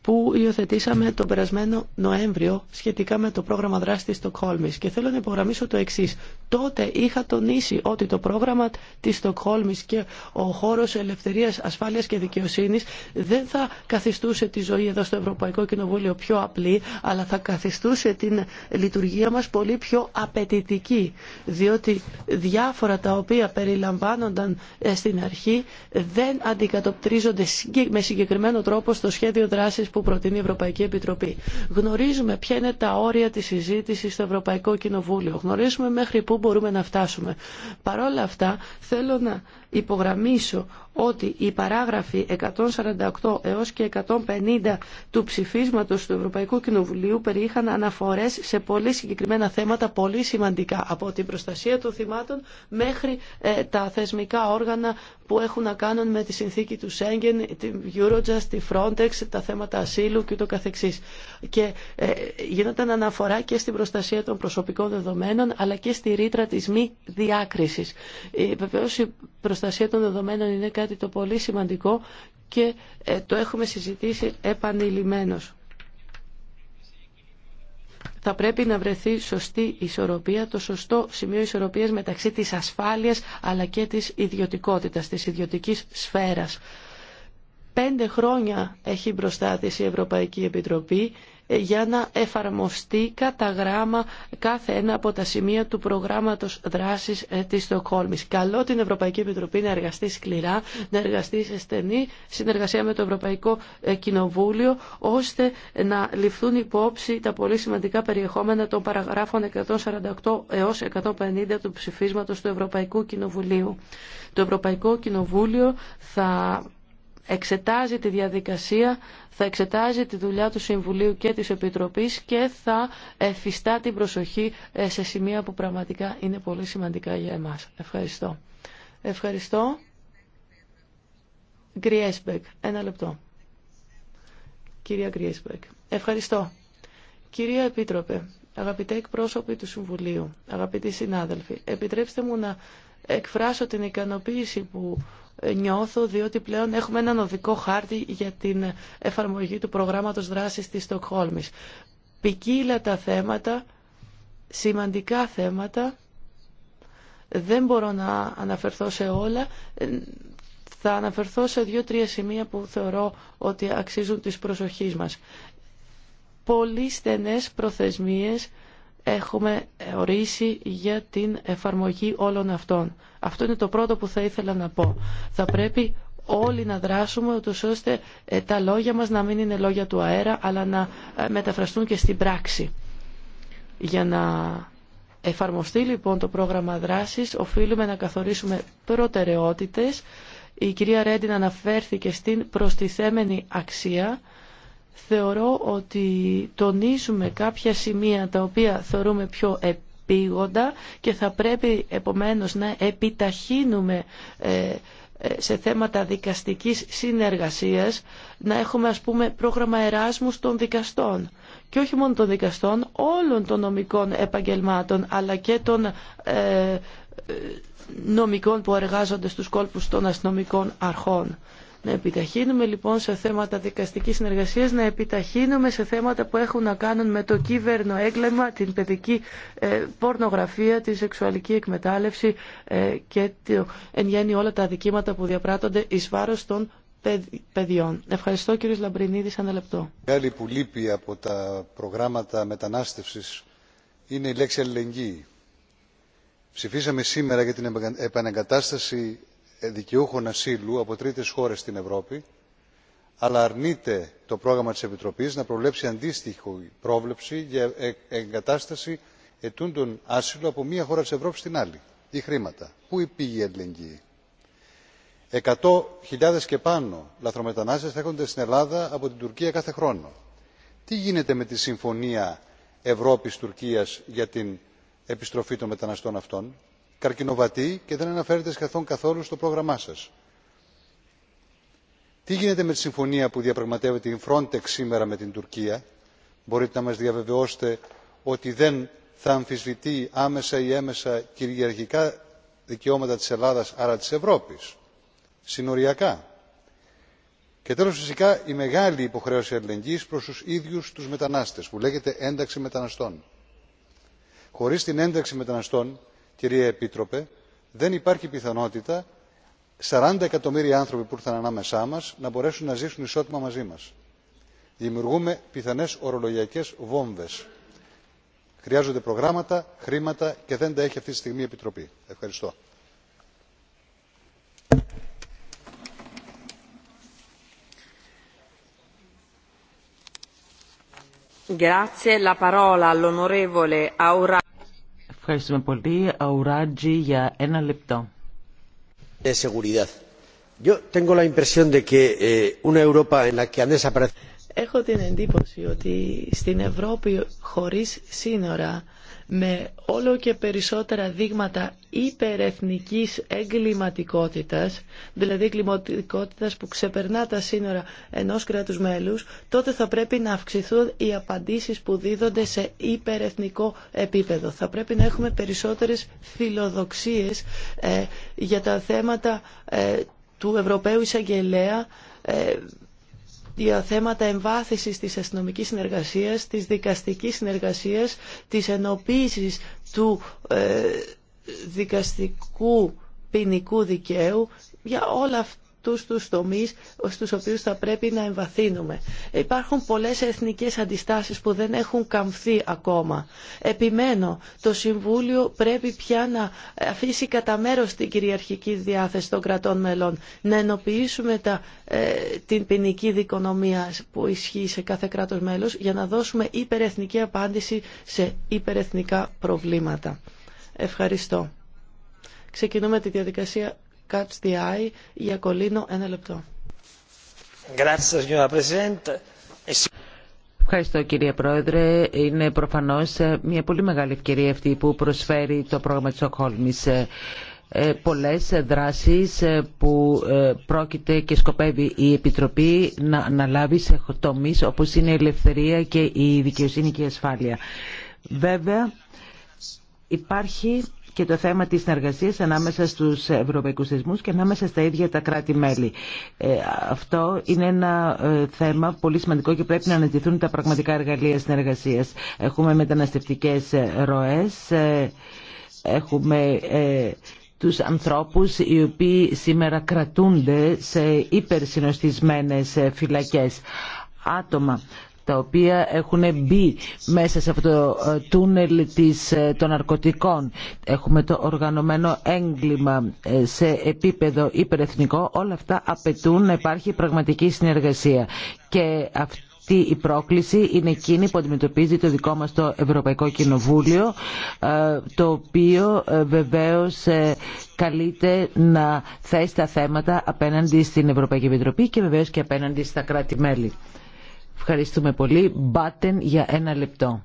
που υιοθετήσαμε τον περασμένο Νοέμβριο σχετικά με το πρόγραμμα δράση της Στοκχόλμης. Και θέλω να υπογραμμίσω το εξή. Τότε είχα τονίσει ότι το πρόγραμμα της Στοκχόλμης και ο χώρος ελευθερίας, ασφάλειας και δικαιοσύνης δεν θα καθιστούσε τη ζωή εδώ στο Ευρωπαϊκό Κοινοβούλιο πιο απλή, αλλά θα καθιστούσε την λειτουργία μας πολύ πιο απαιτητική. Διότι διάφορα τα οποία περιλαμβάνονταν ε, στην αρχή δεν αντικατοπτρίζονται με συγκεκριμένο τρόπο στο σχέδιο δράση που προτείνει η Ευρωπαϊκή Επιτροπή. Γνωρίζουμε ποια είναι τα όρια τη συζήτηση στο Ευρωπαϊκό Κοινοβούλιο. Γνωρίζουμε μέχρι πού μπορούμε να φτάσουμε. Παρ' όλα αυτά, θέλω να υπογραμμίσω ότι οι παράγραφοι 148 έως και 150 του ψηφίσματος του Ευρωπαϊκού Κοινοβουλίου περιείχαν αναφορές σε πολύ συγκεκριμένα θέματα πολύ σημαντικά από την προστασία των θυμάτων μέχρι ε, τα θεσμικά όργανα που έχουν να κάνουν με τη συνθήκη του Σέγγεν, την Eurojust, τη Frontex, τα θέματα ασύλου και το Και ε, γίνονταν αναφορά και στην προστασία των προσωπικών δεδομένων αλλά και στη ρήτρα της μη διάκρισης. Ε, προστασία των δεδομένων είναι κάτι το πολύ σημαντικό και ε, το έχουμε συζητήσει επανειλημμένως. Θα πρέπει να βρεθεί σωστή ισορροπία, το σωστό σημείο ισορροπίας μεταξύ της ασφάλειας αλλά και της ιδιωτικότητας, της ιδιωτικής σφαίρας. Πέντε χρόνια έχει μπροστά της η Ευρωπαϊκή Επιτροπή για να εφαρμοστεί κατά γράμμα κάθε ένα από τα σημεία του προγράμματος δράσης ε, της Στοκχόλμης. Καλό την Ευρωπαϊκή Επιτροπή να εργαστεί σκληρά, να εργαστεί σε στενή συνεργασία με το Ευρωπαϊκό ε, Κοινοβούλιο, ώστε να ληφθούν υπόψη τα πολύ σημαντικά περιεχόμενα των παραγράφων 148 έως 150 του ψηφίσματος του Ευρωπαϊκού Κοινοβουλίου. Το Ευρωπαϊκό Κοινοβούλιο θα εξετάζει τη διαδικασία, θα εξετάζει τη δουλειά του Συμβουλίου και της Επιτροπής και θα εφιστά την προσοχή ε, σε σημεία που πραγματικά είναι πολύ σημαντικά για εμάς. Ευχαριστώ. Ευχαριστώ. Γκριέσμπεκ, ένα λεπτό. Κυρία Γκριέσμπεκ, ευχαριστώ. Κυρία Επίτροπε, αγαπητέ εκπρόσωποι του Συμβουλίου, αγαπητοί συνάδελφοι, επιτρέψτε μου να εκφράσω την ικανοποίηση που νιώθω διότι πλέον έχουμε έναν οδικό χάρτη για την εφαρμογή του προγράμματος δράσης της Στοκχόλμης. Ποικίλα τα θέματα, σημαντικά θέματα, δεν μπορώ να αναφερθώ σε όλα. Θα αναφερθώ σε δύο-τρία σημεία που θεωρώ ότι αξίζουν της προσοχής μας. Πολύ στενές προθεσμίες έχουμε ορίσει για την εφαρμογή όλων αυτών. Αυτό είναι το πρώτο που θα ήθελα να πω. Θα πρέπει όλοι να δράσουμε ούτως ώστε ε, τα λόγια μας να μην είναι λόγια του αέρα αλλά να ε, μεταφραστούν και στην πράξη. Για να εφαρμοστεί λοιπόν το πρόγραμμα δράσης οφείλουμε να καθορίσουμε προτεραιότητες. Η κυρία Ρέντιν αναφέρθηκε στην προστιθέμενη αξία θεωρώ ότι τονίζουμε κάποια σημεία τα οποία θεωρούμε πιο επίγοντα και θα πρέπει επομένως να επιταχύνουμε ε, ε, σε θέματα δικαστικής συνεργασίας να έχουμε ας πούμε πρόγραμμα εράσμους των δικαστών και όχι μόνο των δικαστών, όλων των νομικών επαγγελμάτων αλλά και των ε, νομικών που εργάζονται στους κόλπους των αστυνομικών αρχών. Να επιταχύνουμε λοιπόν σε θέματα δικαστικής συνεργασίας, να επιταχύνουμε σε θέματα που έχουν να κάνουν με το κύβερνο έγκλημα, την παιδική ε, πορνογραφία, τη σεξουαλική εκμετάλλευση ε, και το, εν γέννη όλα τα αδικήματα που διαπράττονται εις βάρος των παιδιών. Ευχαριστώ κύριε Λαμπρινίδη, ένα λεπτό. Άλλη που λείπει από τα προγράμματα μετανάστευσης είναι η λέξη αλληλεγγύη. Ψηφίσαμε σήμερα για την επανεγκατάσταση ε, δικαιούχων ασύλου από τρίτε χώρε στην ευρώπη αλλά αρνείται το πρόγραμμα τη επιτροπή να προβλέψει αντίστοιχη πρόβλεψη για ε, εγκατάσταση ετούντων άσύλου από μια χώρα τη Ευρώπη στην άλλη ή χρήματα. πού πήγε η αλληλεγγύη; εκατό εκατο χιλιάδε και πάνω λαθρομετανάστε έρχονται στην ελλάδα από την τουρκία κάθε χρόνο. τι γίνεται με τη συμφωνία Ευρώπη Τουρκία για την επιστροφή των μεταναστών αυτών; καρκινοβατή και δεν αναφέρεται σχεδόν καθόλου στο πρόγραμμά σας. Τι γίνεται με τη συμφωνία που διαπραγματεύεται η Frontex σήμερα με την Τουρκία. Μπορείτε να μας διαβεβαιώσετε ότι δεν θα αμφισβητεί άμεσα ή έμεσα κυριαρχικά δικαιώματα της Ελλάδας αλλά της Ευρώπης. Συνοριακά. Και τέλος φυσικά η μεγάλη υποχρέωση αλληλεγγύης προς τους ίδιους τους μετανάστες που λέγεται ένταξη μεταναστών. Χωρίς την ένταξη μεταναστών κυρία επίτροπε δεν υπάρχει πιθανότητα 40 εκατομμύρια άνθρωποι που ήρθαν ανάμεσά μα να μπορέσουν να ζήσουν ισότιμα μαζί μα. δημιουργούμε πιθανέ ορολογιακέ βόμβε. χρειάζονται προγράμματα χρήματα και δεν τα έχει αυτή τη στιγμή η επιτροπή. ευχαριστώ. Ευχαριστούμε πολύ. Αουράτζι για ένα λεπτό. Έχω την εντύπωση ότι στην Ευρώπη χωρίς σύνορα με όλο και περισσότερα δείγματα υπερεθνικής εγκληματικότητας, δηλαδή εγκληματικότητας που ξεπερνά τα σύνορα ενός κράτους μέλους, τότε θα πρέπει να αυξηθούν οι απαντήσεις που δίδονται σε υπερεθνικό επίπεδο. Θα πρέπει να έχουμε περισσότερες φιλοδοξίες ε, για τα θέματα ε, του Ευρωπαίου Εισαγγελέα ε, για θέματα εμβάθυσης της αστυνομικής συνεργασίας, της δικαστικής συνεργασίας, της ενοποίησης του ε, δικαστικού ποινικού δικαίου. Για όλα αυτά αυτούς τους τομείς στους οποίους θα πρέπει να εμβαθύνουμε. Υπάρχουν πολλές εθνικές αντιστάσεις που δεν έχουν καμφθεί ακόμα. Επιμένω, το Συμβούλιο πρέπει πια να αφήσει κατά μέρο την κυριαρχική διάθεση των κρατών μελών, να ενοποιήσουμε τα, ε, την ποινική δικονομία που ισχύει σε κάθε κράτος μέλος για να δώσουμε υπερεθνική απάντηση σε υπερεθνικά προβλήματα. Ευχαριστώ. Ξεκινούμε τη διαδικασία Catch Ευχαριστώ κύριε Πρόεδρε. Είναι προφανώς ε, μια πολύ μεγάλη ευκαιρία αυτή που προσφέρει το πρόγραμμα της Οκχόλμης ε, ε, πολλές δράσεις που πρόκειται και σκοπεύει η Επιτροπή να αναλάβει σε τομείς όπως είναι η ελευθερία και η δικαιοσύνη και η ασφάλεια. Βέβαια υπάρχει και το θέμα της συνεργασίας ανάμεσα στους ευρωπαϊκούς θεσμούς και ανάμεσα στα ίδια τα κράτη-μέλη. Ε, αυτό είναι ένα ε, θέμα πολύ σημαντικό και πρέπει να αναζητηθούν τα πραγματικά εργαλεία συνεργασίας. Έχουμε μεταναστευτικές ροές, ε, έχουμε τους ανθρώπους οι οποίοι σήμερα κρατούνται σε υπερσυνοστισμένες φυλακές. Άτομα τα οποία έχουν μπει μέσα σε αυτό το ε, τούνελ της, ε, των ναρκωτικών. Έχουμε το οργανωμένο έγκλημα ε, σε επίπεδο υπερεθνικό. Όλα αυτά απαιτούν να υπάρχει πραγματική συνεργασία. Και αυτή η πρόκληση είναι εκείνη που αντιμετωπίζει το δικό μας το Ευρωπαϊκό Κοινοβούλιο, το οποίο βεβαίως καλείται να θέσει τα θέματα απέναντι στην Ευρωπαϊκή Επιτροπή και βεβαίως και απέναντι στα κράτη-μέλη. Ευχαριστούμε πολύ. Μπάτεν για ένα λεπτό.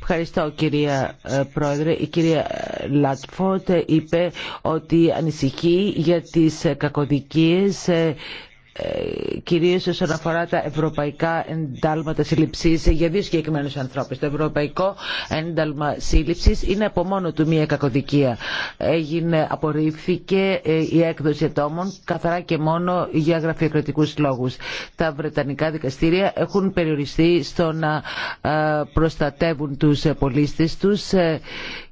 Ευχαριστώ κυρία ε, Πρόεδρε. Η κυρία ε, Λατφόρτ είπε ότι ανησυχεί για τις ε, κακοδικίες ε, κυρίως όσον αφορά τα ευρωπαϊκά εντάλματα σύλληψης για δύο συγκεκριμένους ανθρώπους. Το ευρωπαϊκό ένταλμα σύλληψης είναι από μόνο του μία κακοδικία. Έγινε, απορρίφθηκε ε, η έκδοση ατόμων καθαρά και μόνο για γραφειοκρατικούς λόγους. Τα βρετανικά δικαστήρια έχουν περιοριστεί στο να ε, προστατεύουν τους πολίτες τους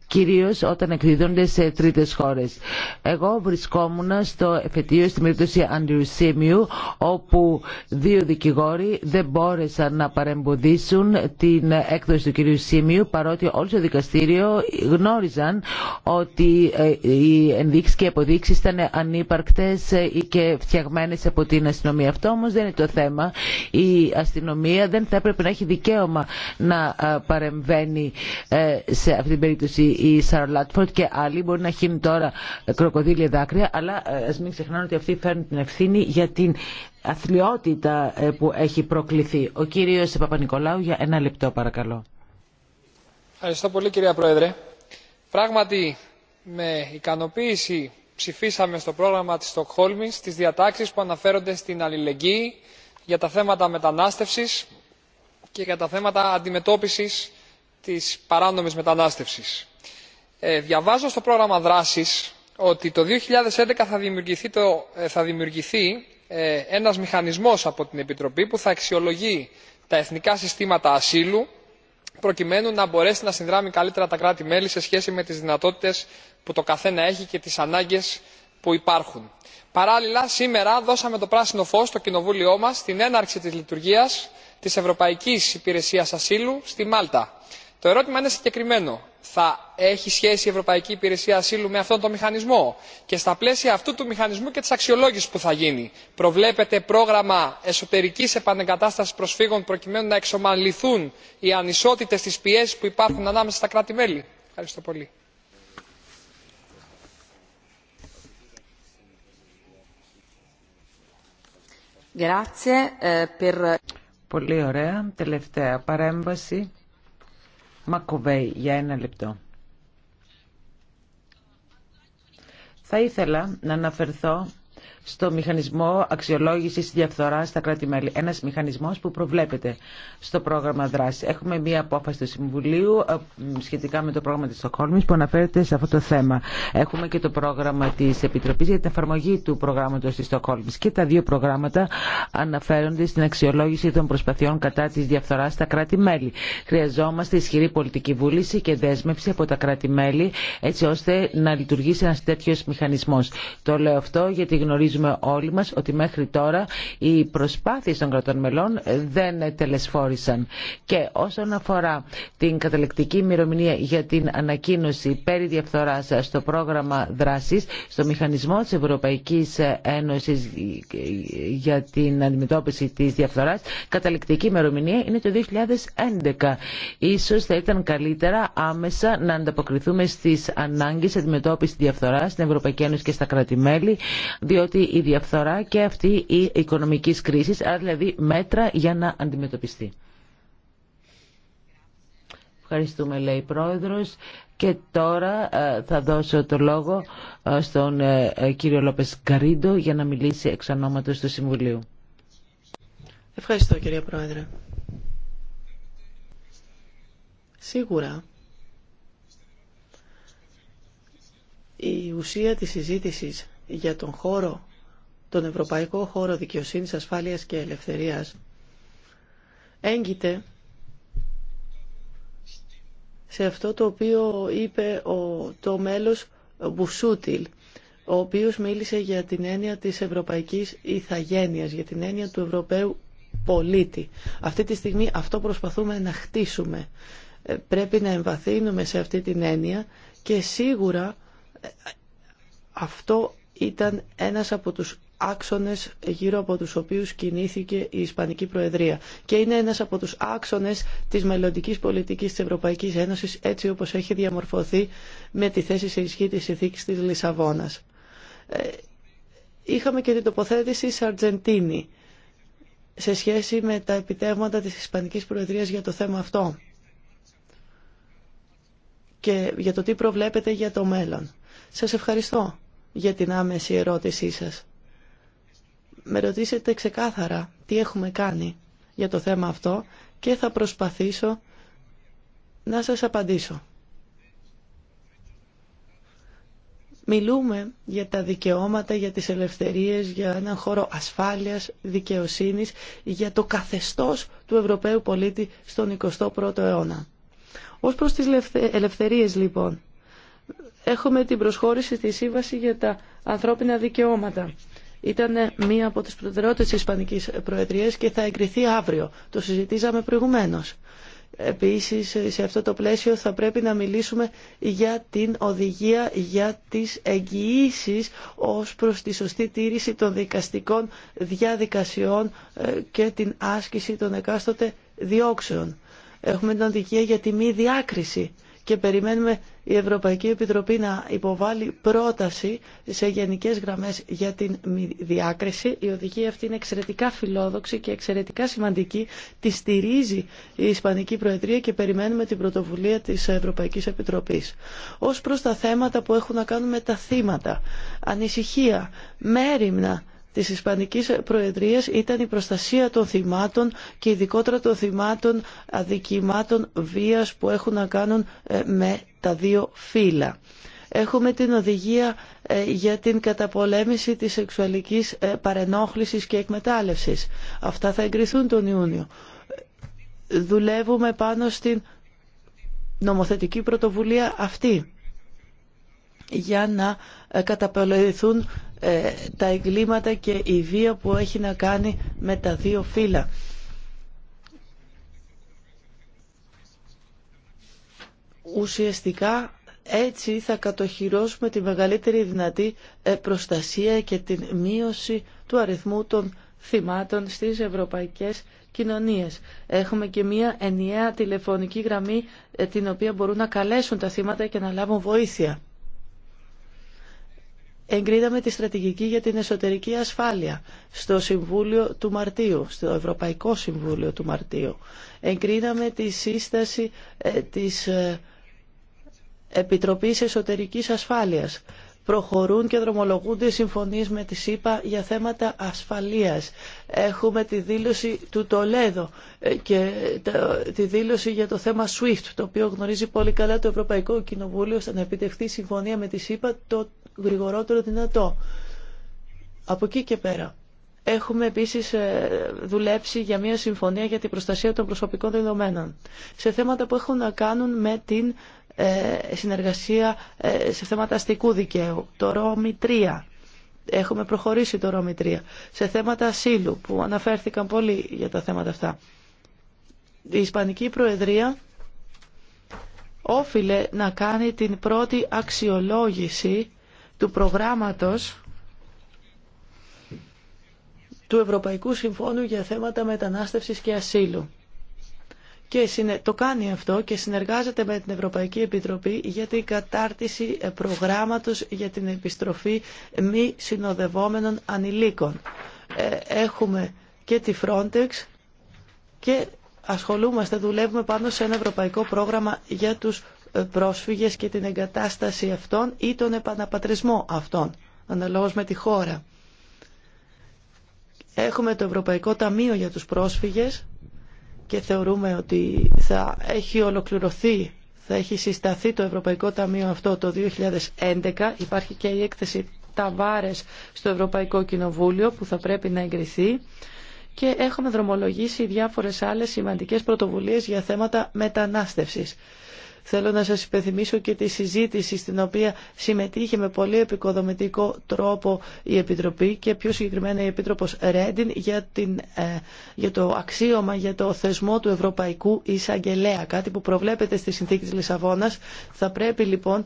κυρίως όταν εκδίδονται σε τρίτες χώρες. Εγώ βρισκόμουν στο εφετείο στην περίπτωση Αντιουσίμιου όπου δύο δικηγόροι δεν μπόρεσαν να παρεμποδίσουν την έκδοση του κυρίου Σίμιου παρότι όλοι στο δικαστήριο γνώριζαν ότι ε, οι ενδείξεις και οι αποδείξεις ήταν ανύπαρκτες ή ε, και φτιαγμένες από την αστυνομία. Αυτό όμως δεν είναι το θέμα. Η αστυνομία δεν θα έπρεπε να έχει δικαίωμα να ε, παρεμβαίνει σε αυτή την περίπτωση η Σάρα Λάτφορντ και άλλοι μπορεί να χύνουν τώρα κροκοδίλια δάκρυα, αλλά ε, α μην ξεχνάμε ότι αυτοί φέρνουν την ευθύνη για την αθλειότητα ε, που έχει προκληθεί. Ο κύριο Παπα-Νικολάου για ένα λεπτό παρακαλώ. Ευχαριστώ πολύ κυρία Πρόεδρε. Πράγματι, με ικανοποίηση ψηφίσαμε στο πρόγραμμα της στοκχόλμης τις διατάξεις που αναφέρονται στην αλληλεγγύη για τα θέματα μετανάστευσης και για τα θέματα αντιμετώπισης τη παράνομη μετανάστευση. Ε, διαβάζω στο πρόγραμμα δράσης ότι το 2011 θα δημιουργηθεί, το, ε, θα δημιουργηθεί ε, ένας μηχανισμός από την Επιτροπή που θα αξιολογεί τα εθνικά συστήματα ασύλου προκειμένου να μπορέσει να συνδράμει καλύτερα τα κράτη-μέλη σε σχέση με τις δυνατότητες που το καθένα έχει και τις ανάγκες που υπάρχουν. Παράλληλα, σήμερα δώσαμε το πράσινο φως στο Κοινοβούλιο μα στην έναρξη της λειτουργίας της Ευρωπαϊκής Υπηρεσίας Ασύλου στη Μάλτα το ερώτημα είναι συγκεκριμένο θα έχει σχέση η ευρωπαϊκή υπηρεσία ασύλου με αυτόν τον μηχανισμό και στα πλαίσια αυτού του μηχανισμού και της αξιολόγησης που θα γίνει προβλέπετε πρόγραμμα εσωτερικής επανεγκατάστασης προσφύγων προκειμένου να εξομαλυθούν οι ανισότητες της πιέσεις που υπάρχουν ανάμεσα στα κράτη μέλη. ευχαριστώ πολύ. Eh, Τελευταία παρέμβαση Μακοβέι, για ένα λεπτό. Θα ήθελα να αναφερθώ στο μηχανισμό αξιολόγησης διαφθορά στα κράτη-μέλη. Ένας μηχανισμός που προβλέπεται στο πρόγραμμα δράση. Έχουμε μία απόφαση του Συμβουλίου ε, σχετικά με το πρόγραμμα τη Στοκόλμη που αναφέρεται σε αυτό το θέμα. Έχουμε και το πρόγραμμα τη Επιτροπή για την εφαρμογή του προγράμματο τη Στοκόλμη. Και τα δύο προγράμματα αναφέρονται στην αξιολόγηση των προσπαθειών κατά τη διαφθορά στα κράτη-μέλη. Χρειαζόμαστε ισχυρή πολιτική βούληση και δέσμευση από τα κράτη-μέλη έτσι ώστε να λειτουργήσει ένα τέτοιο μηχανισμό. Το λέω αυτό γιατί γνωρίζουμε Ελπίζουμε όλοι μας ότι μέχρι τώρα οι προσπάθειες των κρατών μελών δεν τελεσφόρησαν. Και όσον αφορά την καταλεκτική ημερομηνία για την ανακοίνωση περί διαφθοράς στο πρόγραμμα δράσης, στο μηχανισμό της Ευρωπαϊκής Ένωσης για την αντιμετώπιση της διαφθοράς, καταληκτική ημερομηνία είναι το 2011. Ίσως θα ήταν καλύτερα άμεσα να ανταποκριθούμε στις ανάγκες αντιμετώπισης διαφθοράς στην Ευρωπαϊκή Ένωση και στα κράτη-μέλη, η διαφθορά και αυτή η οικονομική κρίση, άρα δηλαδή μέτρα για να αντιμετωπιστεί. Ευχαριστούμε, λέει η Πρόεδρος. Και τώρα ε, θα δώσω το λόγο ε, στον ε, κύριο Λόπες Καρίντο για να μιλήσει εξ ονόματος του Συμβουλίου. Ευχαριστώ, κύριε Πρόεδρε. Σίγουρα η ουσία της συζήτησης για τον χώρο τον Ευρωπαϊκό Χώρο Δικαιοσύνης, Ασφάλειας και Ελευθερίας έγκυται σε αυτό το οποίο είπε ο, το μέλος Μπουσούτιλ, ο οποίος μίλησε για την έννοια της ευρωπαϊκής ηθαγένειας, για την έννοια του Ευρωπαίου πολίτη. Αυτή τη στιγμή αυτό προσπαθούμε να χτίσουμε. Ε, πρέπει να εμβαθύνουμε σε αυτή την έννοια και σίγουρα ε, αυτό ήταν ένας από τους άξονες γύρω από τους οποίους κινήθηκε η Ισπανική Προεδρία και είναι ένας από τους άξονες της μελλοντική πολιτικής της Ευρωπαϊκής Ένωσης έτσι όπως έχει διαμορφωθεί με τη θέση σε ισχύ της συνθήκης της Λισαβόνας. Ε, είχαμε και την τοποθέτηση Αργεντίνη σε σχέση με τα επιτεύγματα της Ισπανικής Προεδρίας για το θέμα αυτό και για το τι προβλέπετε για το μέλλον. Σας ευχαριστώ για την άμεση ερώτησή σας με ρωτήσετε ξεκάθαρα τι έχουμε κάνει για το θέμα αυτό και θα προσπαθήσω να σας απαντήσω. Μιλούμε για τα δικαιώματα, για τις ελευθερίες, για έναν χώρο ασφάλειας, δικαιοσύνης, για το καθεστώς του Ευρωπαίου πολίτη στον 21ο αιώνα. Ως προς τις ελευθερίες λοιπόν, έχουμε την προσχώρηση στη Σύμβαση για τα ανθρώπινα δικαιώματα ήταν μία από τις προτεραιότητες της Ισπανικής Προεδρίας και θα εγκριθεί αύριο. Το συζητήσαμε προηγουμένως. Επίσης, σε αυτό το πλαίσιο θα πρέπει να μιλήσουμε για την οδηγία για τις εγγυήσει ως προς τη σωστή τήρηση των δικαστικών διαδικασιών ε, και την άσκηση των εκάστοτε διώξεων. Έχουμε την οδηγία για τη μη διάκριση και περιμένουμε η Ευρωπαϊκή Επιτροπή να υποβάλει πρόταση σε γενικές γραμμές για την διάκριση. Η οδηγία αυτή είναι εξαιρετικά φιλόδοξη και εξαιρετικά σημαντική. Τη στηρίζει η Ισπανική Προεδρία και περιμένουμε την πρωτοβουλία της Ευρωπαϊκής Επιτροπής. Ως προς τα θέματα που έχουν να κάνουν με τα θύματα, ανησυχία, μέρημνα, της Ισπανικής Προεδρίας ήταν η προστασία των θυμάτων και ειδικότερα των θυμάτων αδικημάτων βίας που έχουν να κάνουν ε, με τα δύο φύλλα. Έχουμε την οδηγία ε, για την καταπολέμηση της σεξουαλικής ε, παρενόχλησης και εκμετάλλευσης. Αυτά θα εγκριθούν τον Ιούνιο. Δουλεύουμε πάνω στην νομοθετική πρωτοβουλία αυτή για να καταπολεμηθούν ε, τα εγκλήματα και η βία που έχει να κάνει με τα δύο φύλλα. Ουσιαστικά έτσι θα κατοχυρώσουμε τη μεγαλύτερη δυνατή ε, προστασία και την μείωση του αριθμού των θυμάτων στις ευρωπαϊκές κοινωνίες. Έχουμε και μία ενιαία τηλεφωνική γραμμή ε, την οποία μπορούν να καλέσουν τα θύματα και να λάβουν βοήθεια εγκρίναμε τη στρατηγική για την εσωτερική ασφάλεια στο Συμβούλιο του Μαρτίου, στο Ευρωπαϊκό Συμβούλιο του Μαρτίου. Εγκρίναμε τη σύσταση ε, της ε, Επιτροπής Εσωτερικής Ασφάλειας. Προχωρούν και δρομολογούνται συμφωνίες με τη ΣΥΠΑ για θέματα ασφαλείας. Έχουμε τη δήλωση του Τολέδο ε, και τη δήλωση για το θέμα SWIFT, το οποίο γνωρίζει πολύ καλά το Ευρωπαϊκό Κοινοβούλιο, ώστε να επιτευχθεί συμφωνία με τη ΣΥΠΑ το γρηγορότερο δυνατό. Από εκεί και πέρα. Έχουμε επίσης ε, δουλέψει για μια συμφωνία για την προστασία των προσωπικών δεδομένων. Σε θέματα που έχουν να κάνουν με την ε, συνεργασία ε, σε θέματα αστικού δικαίου, το ΡΟΜΗ 3. Έχουμε προχωρήσει το ΡΟΜΗ 3. Σε θέματα ασύλου που αναφέρθηκαν πολύ για τα θέματα αυτά. Η Ισπανική Προεδρία όφιλε να κάνει την πρώτη αξιολόγηση του προγράμματος του Ευρωπαϊκού Συμφώνου για θέματα μετανάστευσης και ασύλου. Και το κάνει αυτό και συνεργάζεται με την Ευρωπαϊκή Επιτροπή για την κατάρτιση προγράμματος για την επιστροφή μη συνοδευόμενων ανηλίκων. Ε, έχουμε και τη Frontex και ασχολούμαστε, δουλεύουμε πάνω σε ένα ευρωπαϊκό πρόγραμμα για τους πρόσφυγες και την εγκατάσταση αυτών ή τον επαναπατρισμό αυτών, αναλόγως με τη χώρα. Έχουμε το Ευρωπαϊκό Ταμείο για τους πρόσφυγες και θεωρούμε ότι θα έχει ολοκληρωθεί, θα έχει συσταθεί το Ευρωπαϊκό Ταμείο αυτό το 2011. Υπάρχει και η έκθεση Ταβάρες στο Ευρωπαϊκό Κοινοβούλιο που θα πρέπει να εγκριθεί και έχουμε δρομολογήσει διάφορες άλλες σημαντικές πρωτοβουλίες για θέματα μετανάστευσης. Θέλω να σας υπενθυμίσω και τη συζήτηση στην οποία συμμετείχε με πολύ επικοδομητικό τρόπο η Επιτροπή και πιο συγκεκριμένα η Επίτροπος Ρέντιν για, την, ε, για το αξίωμα, για το θεσμό του Ευρωπαϊκού Εισαγγελέα, κάτι που προβλέπεται στη συνθήκη της Λισαβόνας. Θα πρέπει λοιπόν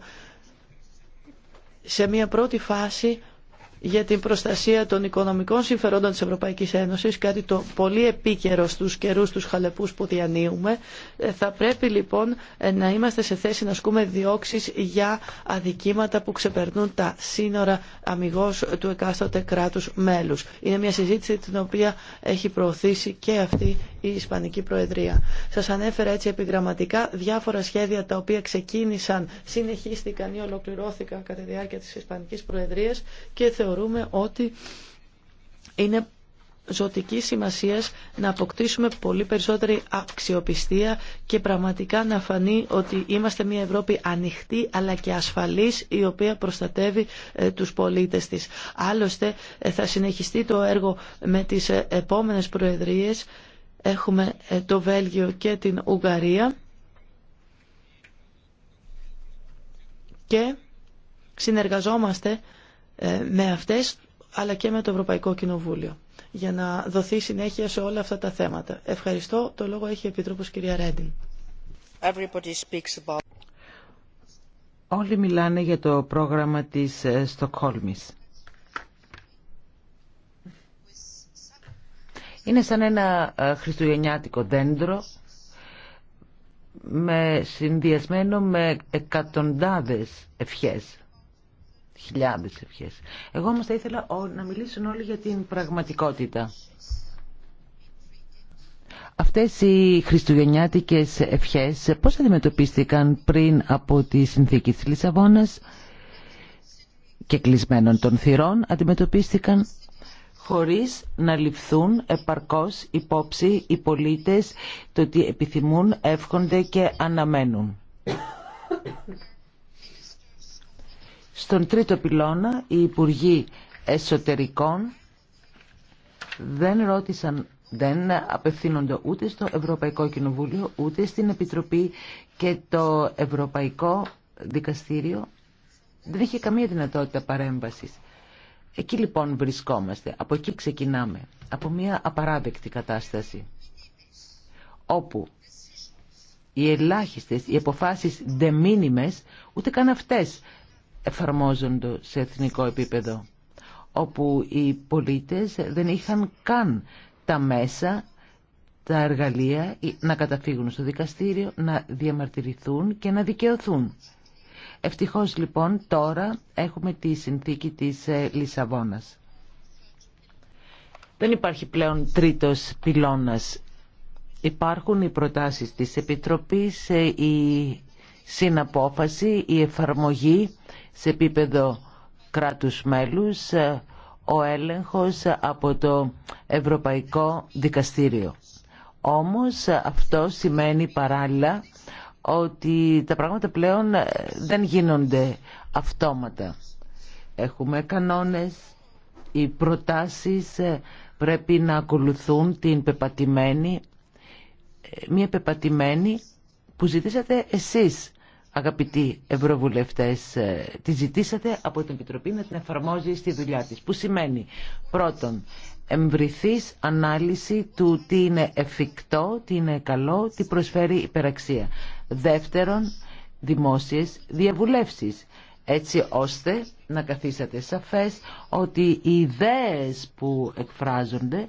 σε μια πρώτη φάση για την προστασία των οικονομικών συμφερόντων της Ευρωπαϊκής Ένωσης, κάτι το πολύ επίκαιρο στους καιρούς τους χαλεπούς που διανύουμε. Ε, θα πρέπει λοιπόν ε, να είμαστε σε θέση να ασκούμε διώξεις για αδικήματα που ξεπερνούν τα σύνορα αμυγός του εκάστοτε κράτους μέλους. Είναι μια συζήτηση την οποία έχει προωθήσει και αυτή η Ισπανική Προεδρία. Σας ανέφερα έτσι επιγραμματικά διάφορα σχέδια τα οποία ξεκίνησαν, συνεχίστηκαν ή ολοκληρώθηκαν κατά τη διάρκεια της Ισπανικής Προεδρίας και θεωρούμε ότι είναι ζωτική σημασία να αποκτήσουμε πολύ περισσότερη αξιοπιστία και πραγματικά να φανεί ότι είμαστε μια Ευρώπη ανοιχτή αλλά και ασφαλής η οποία προστατεύει ε, τους πολίτες της. ισπανικη προεδρια και θεωρουμε οτι ειναι ζωτικη σημασια να αποκτησουμε πολυ περισσοτερη αξιοπιστια και πραγματικα να φανει οτι ειμαστε μια ευρωπη ανοιχτη αλλα και ασφαλης η οποια προστατευει τους πολιτες της αλλωστε ε, θα συνεχιστεί το έργο με τις ε, επόμενες προεδρίες Έχουμε ε, το Βέλγιο και την Ουγγαρία και συνεργαζόμαστε ε, με αυτές αλλά και με το Ευρωπαϊκό Κοινοβούλιο για να δοθεί συνέχεια σε όλα αυτά τα θέματα. Ευχαριστώ. Το λόγο έχει η Επίτροπος κυρία Ρέντιν. Όλοι μιλάνε για το πρόγραμμα της ε, Στοκχόλμης. Είναι σαν ένα ε, χριστουγεννιάτικο δέντρο με συνδυασμένο με εκατοντάδες ευχές χιλιάδες ευχές εγώ όμως θα ήθελα να μιλήσουν όλοι για την πραγματικότητα αυτές οι χριστουγεννιάτικες ευχές πώς αντιμετωπίστηκαν πριν από τη συνθήκη της Λισαβόνας και κλεισμένων των θυρών αντιμετωπίστηκαν χωρίς να ληφθούν επαρκώς υπόψη οι πολίτες το ότι επιθυμούν, εύχονται και αναμένουν. Στον τρίτο πυλώνα, οι Υπουργοί Εσωτερικών δεν ρώτησαν δεν απευθύνονται ούτε στο Ευρωπαϊκό Κοινοβούλιο, ούτε στην Επιτροπή και το Ευρωπαϊκό Δικαστήριο δεν είχε καμία δυνατότητα παρέμβασης. Εκεί λοιπόν βρισκόμαστε, από εκεί ξεκινάμε, από μια απαράδεκτη κατάσταση, όπου οι ελάχιστες, οι αποφάσεις δεμήνυμες, ούτε καν αυτές εφαρμόζονται σε εθνικό επίπεδο, όπου οι πολίτες δεν είχαν καν τα μέσα, τα εργαλεία να καταφύγουν στο δικαστήριο, να διαμαρτυρηθούν και να δικαιωθούν. Ευτυχώς λοιπόν τώρα έχουμε τη συνθήκη της ε, Λισαβόνας. Δεν υπάρχει πλέον τρίτος πυλώνας. Υπάρχουν οι προτάσεις της Επιτροπής, ε, η συναπόφαση, η εφαρμογή σε επίπεδο κράτους μέλους, ε, ο έλεγχος από το Ευρωπαϊκό Δικαστήριο. Όμως αυτό σημαίνει παράλληλα ότι τα πράγματα πλέον ε, δεν γίνονται αυτόματα. Έχουμε κανόνες, οι προτάσεις ε, πρέπει να ακολουθούν την πεπατημένη, ε, μια πεπατημένη που ζητήσατε εσείς αγαπητοί ευρωβουλευτές, τη ζητήσατε από την Επιτροπή να την εφαρμόζει στη δουλειά της. Που σημαίνει, πρώτον, εμβριθείς ανάλυση του τι είναι εφικτό, τι είναι καλό, τι προσφέρει υπεραξία. Δεύτερον, δημόσιες διαβουλεύσεις έτσι ώστε να καθίσατε σαφές ότι οι ιδέες που εκφράζονται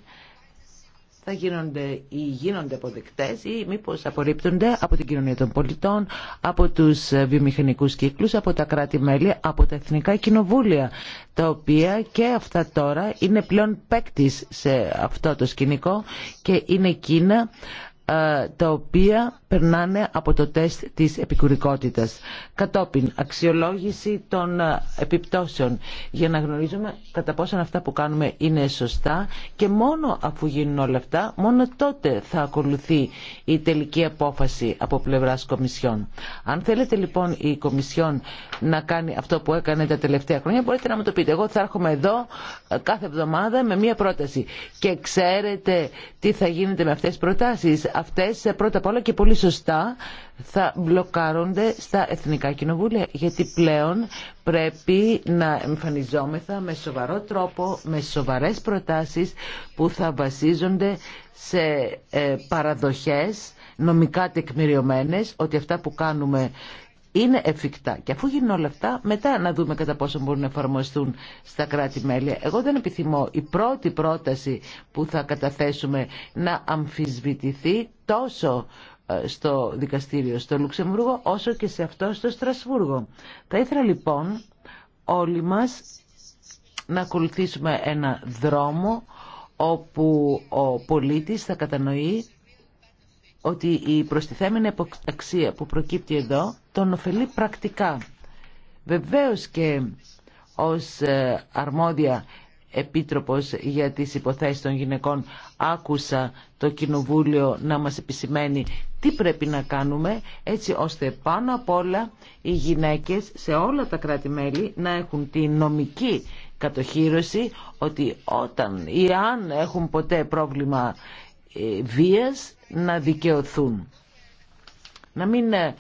θα γίνονται ή γίνονται αποδεκτές ή μήπως απορρίπτονται από την κοινωνία των πολιτών, από τους βιομηχανικούς κύκλους, από τα κράτη-μέλη, από τα εθνικά κοινοβούλια, τα οποία και αυτά τώρα είναι πλέον παίκτη σε αυτό το σκηνικό και είναι εκείνα ε, τα οποία περνάνε από το τεστ της επικουρικότητας. Κατόπιν, αξιολόγηση των ε, επιπτώσεων για να γνωρίζουμε κατά πόσο αυτά που κάνουμε είναι σωστά και μόνο αφού γίνουν όλα αυτά, μόνο τότε θα ακολουθεί η τελική απόφαση από πλευράς Κομισιόν. Αν θέλετε λοιπόν η Κομισιόν να κάνει αυτό που έκανε τα τελευταία χρόνια, μπορείτε να μου το πείτε. Εγώ θα έρχομαι εδώ ε, κάθε εβδομάδα με μία πρόταση. Και ξέρετε τι θα γίνεται με αυτές τις προτάσεις. Αυτές ε, πρώτα απ' όλα και πολύ σωστά θα μπλοκάρονται στα εθνικά κοινοβούλια γιατί πλέον πρέπει να εμφανιζόμεθα με σοβαρό τρόπο, με σοβαρές προτάσεις που θα βασίζονται σε ε, παραδοχές νομικά τεκμηριωμένες ότι αυτά που κάνουμε είναι εφικτά. Και αφού γίνουν όλα αυτά, μετά να δούμε κατά πόσο μπορούν να εφαρμοστούν στα κράτη-μέλη. Εγώ δεν επιθυμώ η πρώτη πρόταση που θα καταθέσουμε να αμφισβητηθεί τόσο στο δικαστήριο στο Λουξεμβούργο όσο και σε αυτό στο Στρασβούργο. Θα ήθελα λοιπόν όλοι μας να ακολουθήσουμε ένα δρόμο όπου ο πολίτης θα κατανοεί ότι η προστιθέμενη αξία που προκύπτει εδώ τον ωφελεί πρακτικά. Βεβαίως και ως ε, αρμόδια Επίτροπος για τις υποθέσεις των γυναικών άκουσα το Κοινοβούλιο να μας επισημαίνει τι πρέπει να κάνουμε έτσι ώστε πάνω απ' όλα οι γυναίκες σε όλα τα κράτη-μέλη να έχουν τη νομική κατοχήρωση ότι όταν ή αν έχουν ποτέ πρόβλημα ε, βίας να δικαιωθούν. Να μην ε,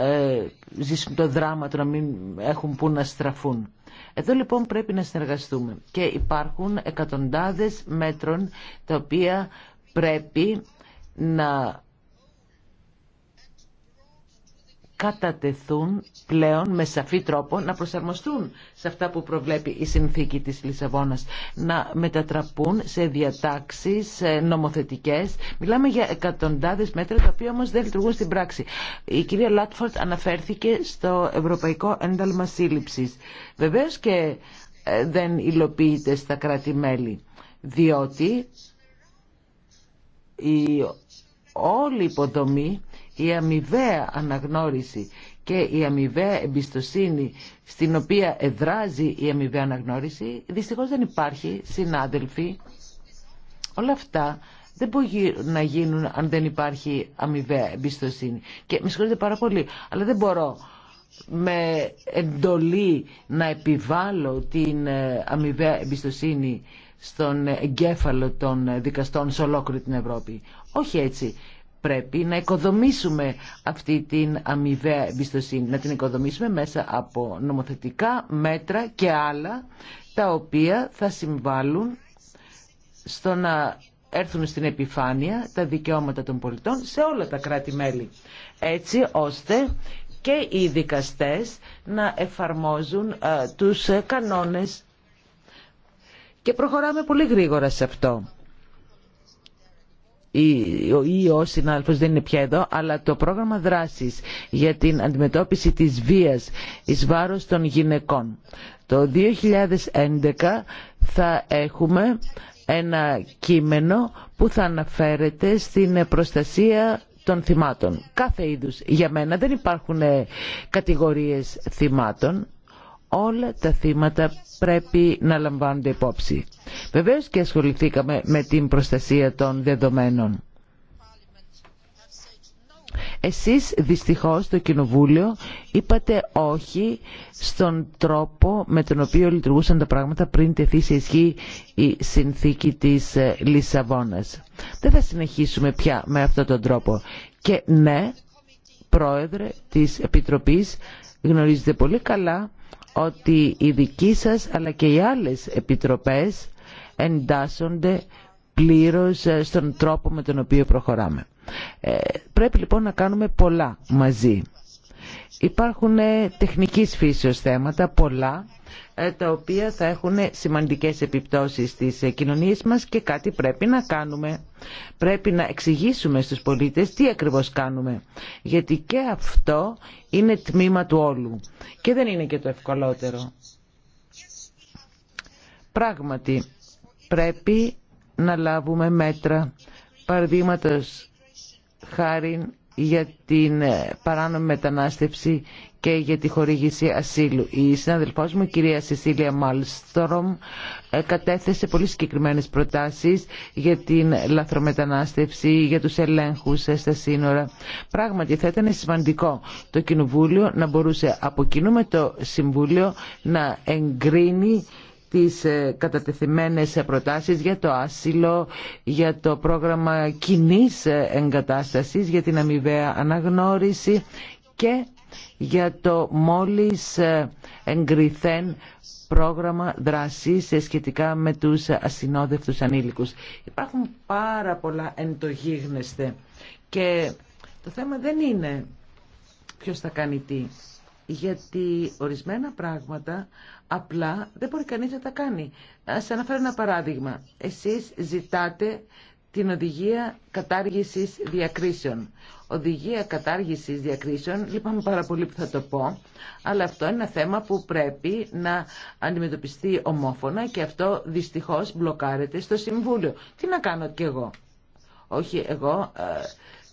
ε, ζήσουν το δράμα του, να μην έχουν που να στραφούν. Εδώ λοιπόν πρέπει να συνεργαστούμε και υπάρχουν εκατοντάδες μέτρων τα οποία πρέπει να κατατεθούν πλέον με σαφή τρόπο να προσαρμοστούν σε αυτά που προβλέπει η συνθήκη της Λισαβόνας, να μετατραπούν σε διατάξεις νομοθετικές. Μιλάμε για εκατοντάδες μέτρα τα οποία όμως δεν λειτουργούν στην πράξη. Η κυρία Λάτφορτ αναφέρθηκε στο Ευρωπαϊκό Ένταλμα Σύλληψης. Βεβαίως και ε, δεν υλοποιείται στα κράτη-μέλη, διότι η όλη υποδομή η αμοιβαία αναγνώριση και η αμοιβαία εμπιστοσύνη στην οποία εδράζει η αμοιβαία αναγνώριση, δυστυχώς δεν υπάρχει, συνάδελφοι. Όλα αυτά δεν μπορεί να γίνουν αν δεν υπάρχει αμοιβαία εμπιστοσύνη. Και με συγχωρείτε πάρα πολύ, αλλά δεν μπορώ με εντολή να επιβάλλω την ε, αμοιβαία εμπιστοσύνη στον εγκέφαλο των δικαστών σε ολόκληρη την Ευρώπη. Όχι έτσι πρέπει να οικοδομήσουμε αυτή την αμοιβαία εμπιστοσύνη, να την οικοδομήσουμε μέσα από νομοθετικά μέτρα και άλλα τα οποία θα συμβάλλουν στο να έρθουν στην επιφάνεια τα δικαιώματα των πολιτών σε όλα τα κράτη-μέλη. Έτσι ώστε και οι δικαστές να εφαρμόζουν ε, τους κανόνες. Και προχωράμε πολύ γρήγορα σε αυτό ή ο συνάδελφος δεν είναι πια εδώ, αλλά το πρόγραμμα δράσης για την αντιμετώπιση της βίας εις βάρος των γυναικών. Το 2011 θα έχουμε ένα κείμενο που θα αναφέρεται στην προστασία των θυμάτων. Κάθε είδους. Για μένα δεν υπάρχουν ε, κατηγορίες θυμάτων όλα τα θύματα πρέπει να λαμβάνονται υπόψη. Βεβαίως και ασχοληθήκαμε με την προστασία των δεδομένων. Εσείς δυστυχώς στο Κοινοβούλιο είπατε όχι στον τρόπο με τον οποίο λειτουργούσαν τα πράγματα πριν τεθεί σε ισχύ η συνθήκη της ε, Λισαβόνας. Δεν θα συνεχίσουμε πια με αυτόν τον τρόπο. Και ναι, πρόεδρε της Επιτροπής, γνωρίζετε πολύ καλά ότι οι δικοί σας αλλά και οι άλλες επιτροπές εντάσσονται πλήρως ε, στον τρόπο με τον οποίο προχωράμε. Ε, πρέπει λοιπόν να κάνουμε πολλά μαζί. Υπάρχουν ε, τεχνικής φύσεως θέματα, πολλά, ε, τα οποία θα έχουν σημαντικές επιπτώσεις στις ε, κοινωνίες μας και κάτι πρέπει να κάνουμε. Πρέπει να εξηγήσουμε στους πολίτες τι ακριβώς κάνουμε. Γιατί και αυτό είναι τμήμα του όλου. Και δεν είναι και το ευκολότερο. Πράγματι, πρέπει να λάβουμε μέτρα. Παραδείγματος χάρη για την ε, παράνομη μετανάστευση και για τη χορήγηση ασύλου. Η συναδελφό μου, κυρία Σεσίλια Μάλστρομ, ε, κατέθεσε πολύ συγκεκριμένε προτάσεις για την λαθρομετανάστευση, για τους ελέγχου ε, στα σύνορα. Πράγματι θα ήταν σημαντικό το Κοινοβούλιο να μπορούσε από κοινού με το Συμβούλιο να εγκρίνει τις ε, κατατεθειμένες προτάσεις για το άσυλο, για το πρόγραμμα κοινή εγκατάστασης, για την αμοιβαία αναγνώριση και για το μόλις ε, εγκριθέν πρόγραμμα δράσης σχετικά με τους ασυνόδευτους ανήλικους. Υπάρχουν πάρα πολλά εντογίγνεσθε και το θέμα δεν είναι ποιος θα κάνει τι. Γιατί ορισμένα πράγματα απλά δεν μπορεί κανείς να τα κάνει. Ας αναφέρω ένα παράδειγμα. Εσείς ζητάτε την οδηγία κατάργησης διακρίσεων οδηγία κατάργησης διακρίσεων, λυπάμαι πάρα πολύ που θα το πω, αλλά αυτό είναι ένα θέμα που πρέπει να αντιμετωπιστεί ομόφωνα και αυτό δυστυχώς μπλοκάρεται στο Συμβούλιο. Τι να κάνω κι εγώ. Όχι εγώ, ε,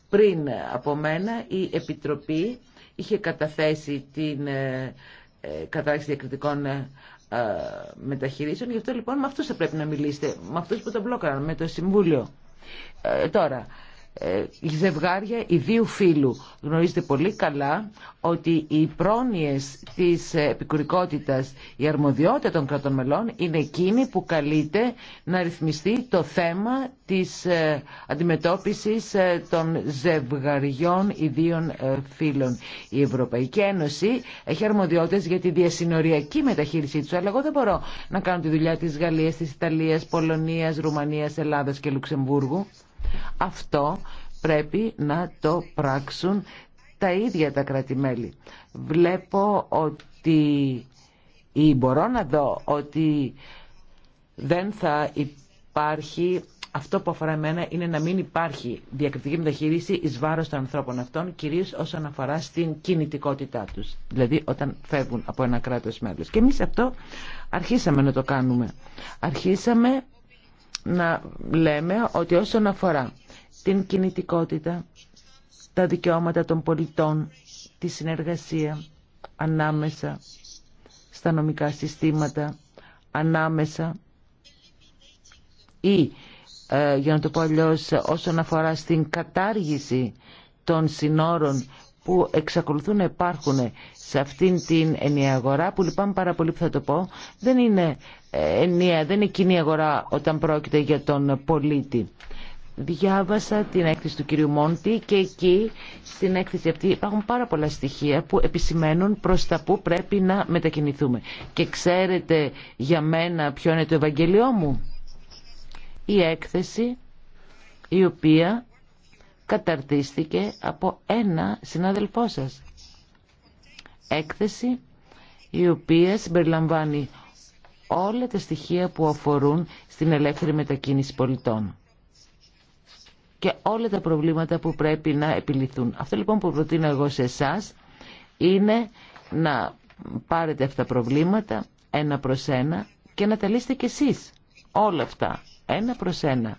πριν από μένα η Επιτροπή είχε καταθέσει την ε, ε, κατάργηση διακριτικών μεταχειρήσεων. Γι' αυτό λοιπόν με αυτούς θα πρέπει να μιλήσετε, με αυτούς που τον μπλόκαραν, με το Συμβούλιο. τώρα, ε, ζευγάρια ιδίου φίλου, Γνωρίζετε πολύ καλά ότι οι πρόνοιες της επικουρικότητας, η αρμοδιότητα των κρατών μελών είναι εκείνη που καλείται να ρυθμιστεί το θέμα της ε, αντιμετώπισης ε, των ζευγαριών ιδίων φίλων, Η Ευρωπαϊκή Ένωση έχει αρμοδιότητες για τη διασυνοριακή μεταχείρισή του, αλλά εγώ δεν μπορώ να κάνω τη δουλειά της Γαλλίας, της Ιταλίας, Πολωνίας, Ρουμανίας, Ελλάδας και Λουξεμβούργου. Αυτό πρέπει να το πράξουν τα ίδια τα κρατημέλη. Βλέπω ότι ή μπορώ να δω ότι δεν θα υπάρχει αυτό που αφορά εμένα είναι να μην υπάρχει διακριτική μεταχείριση εις βάρος των ανθρώπων αυτών, κυρίως όσον αφορά στην κινητικότητά τους, δηλαδή όταν φεύγουν από ένα κράτος μέλος. Και εμείς αυτό αρχίσαμε να το κάνουμε. Αρχίσαμε να λέμε ότι όσον αφορά την κινητικότητα, τα δικαιώματα των πολιτών, τη συνεργασία ανάμεσα στα νομικά συστήματα, ανάμεσα ή, ε, για να το πω αλλιώς, όσον αφορά στην κατάργηση των συνόρων που εξακολουθούν να υπάρχουν σε αυτήν την ενιαία αγορά, που λυπάμαι πάρα πολύ που θα το πω, δεν είναι ε, ενιαία, δεν είναι κοινή αγορά όταν πρόκειται για τον πολίτη. Διάβασα την έκθεση του κυρίου Μόντι και εκεί στην έκθεση αυτή υπάρχουν πάρα πολλά στοιχεία που επισημαίνουν προς τα που πρέπει να μετακινηθούμε. Και ξέρετε για μένα ποιο είναι το Ευαγγελιό μου. Η έκθεση η οποία καταρτίστηκε από ένα συνάδελφό σας. Έκθεση η οποία συμπεριλαμβάνει όλα τα στοιχεία που αφορούν στην ελεύθερη μετακίνηση πολιτών και όλα τα προβλήματα που πρέπει να επιληθούν. Αυτό λοιπόν που προτείνω εγώ σε εσά είναι να πάρετε αυτά τα προβλήματα ένα προς ένα και να τα λύσετε κι εσείς όλα αυτά ένα προς ένα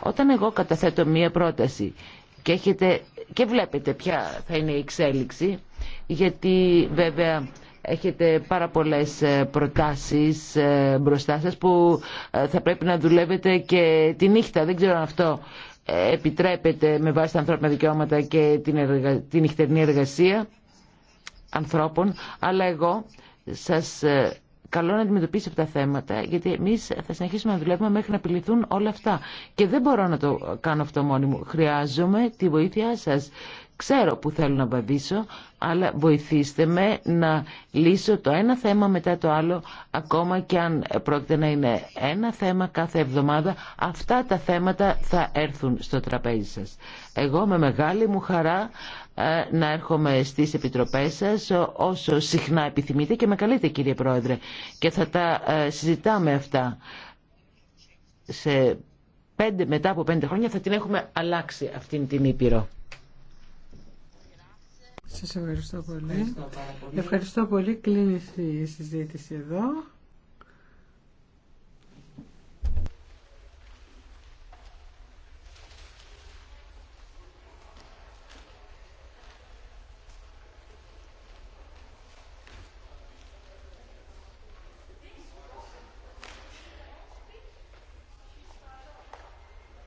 όταν εγώ καταθέτω μία πρόταση και, έχετε, και βλέπετε ποια θα είναι η εξέλιξη, γιατί βέβαια έχετε πάρα πολλές ε, προτάσεις ε, μπροστά σας που ε, θα πρέπει να δουλεύετε και τη νύχτα. Δεν ξέρω αν αυτό επιτρέπεται με βάση τα ανθρώπινα δικαιώματα και την, εργα... την νυχτερινή εργασία ανθρώπων, αλλά εγώ σας καλό να αντιμετωπίσει αυτά τα θέματα, γιατί εμεί θα συνεχίσουμε να δουλεύουμε μέχρι να απειληθούν όλα αυτά. Και δεν μπορώ να το κάνω αυτό μόνη μου. Χρειάζομαι τη βοήθειά σα. Ξέρω που θέλω να βαδίσω, αλλά βοηθήστε με να λύσω το ένα θέμα μετά το άλλο, ακόμα και αν πρόκειται να είναι ένα θέμα κάθε εβδομάδα, αυτά τα θέματα θα έρθουν στο τραπέζι σας. Εγώ με μεγάλη μου χαρά ε, να έρχομαι στις επιτροπές σας όσο συχνά επιθυμείτε και με καλείτε κύριε Πρόεδρε και θα τα ε, συζητάμε αυτά σε πέντε, μετά από πέντε χρόνια θα την έχουμε αλλάξει αυτήν την Ήπειρο. Σας ευχαριστώ πολύ. Ευχαριστώ, πολύ. ευχαριστώ πολύ. Κλείνει η συζήτηση εδώ.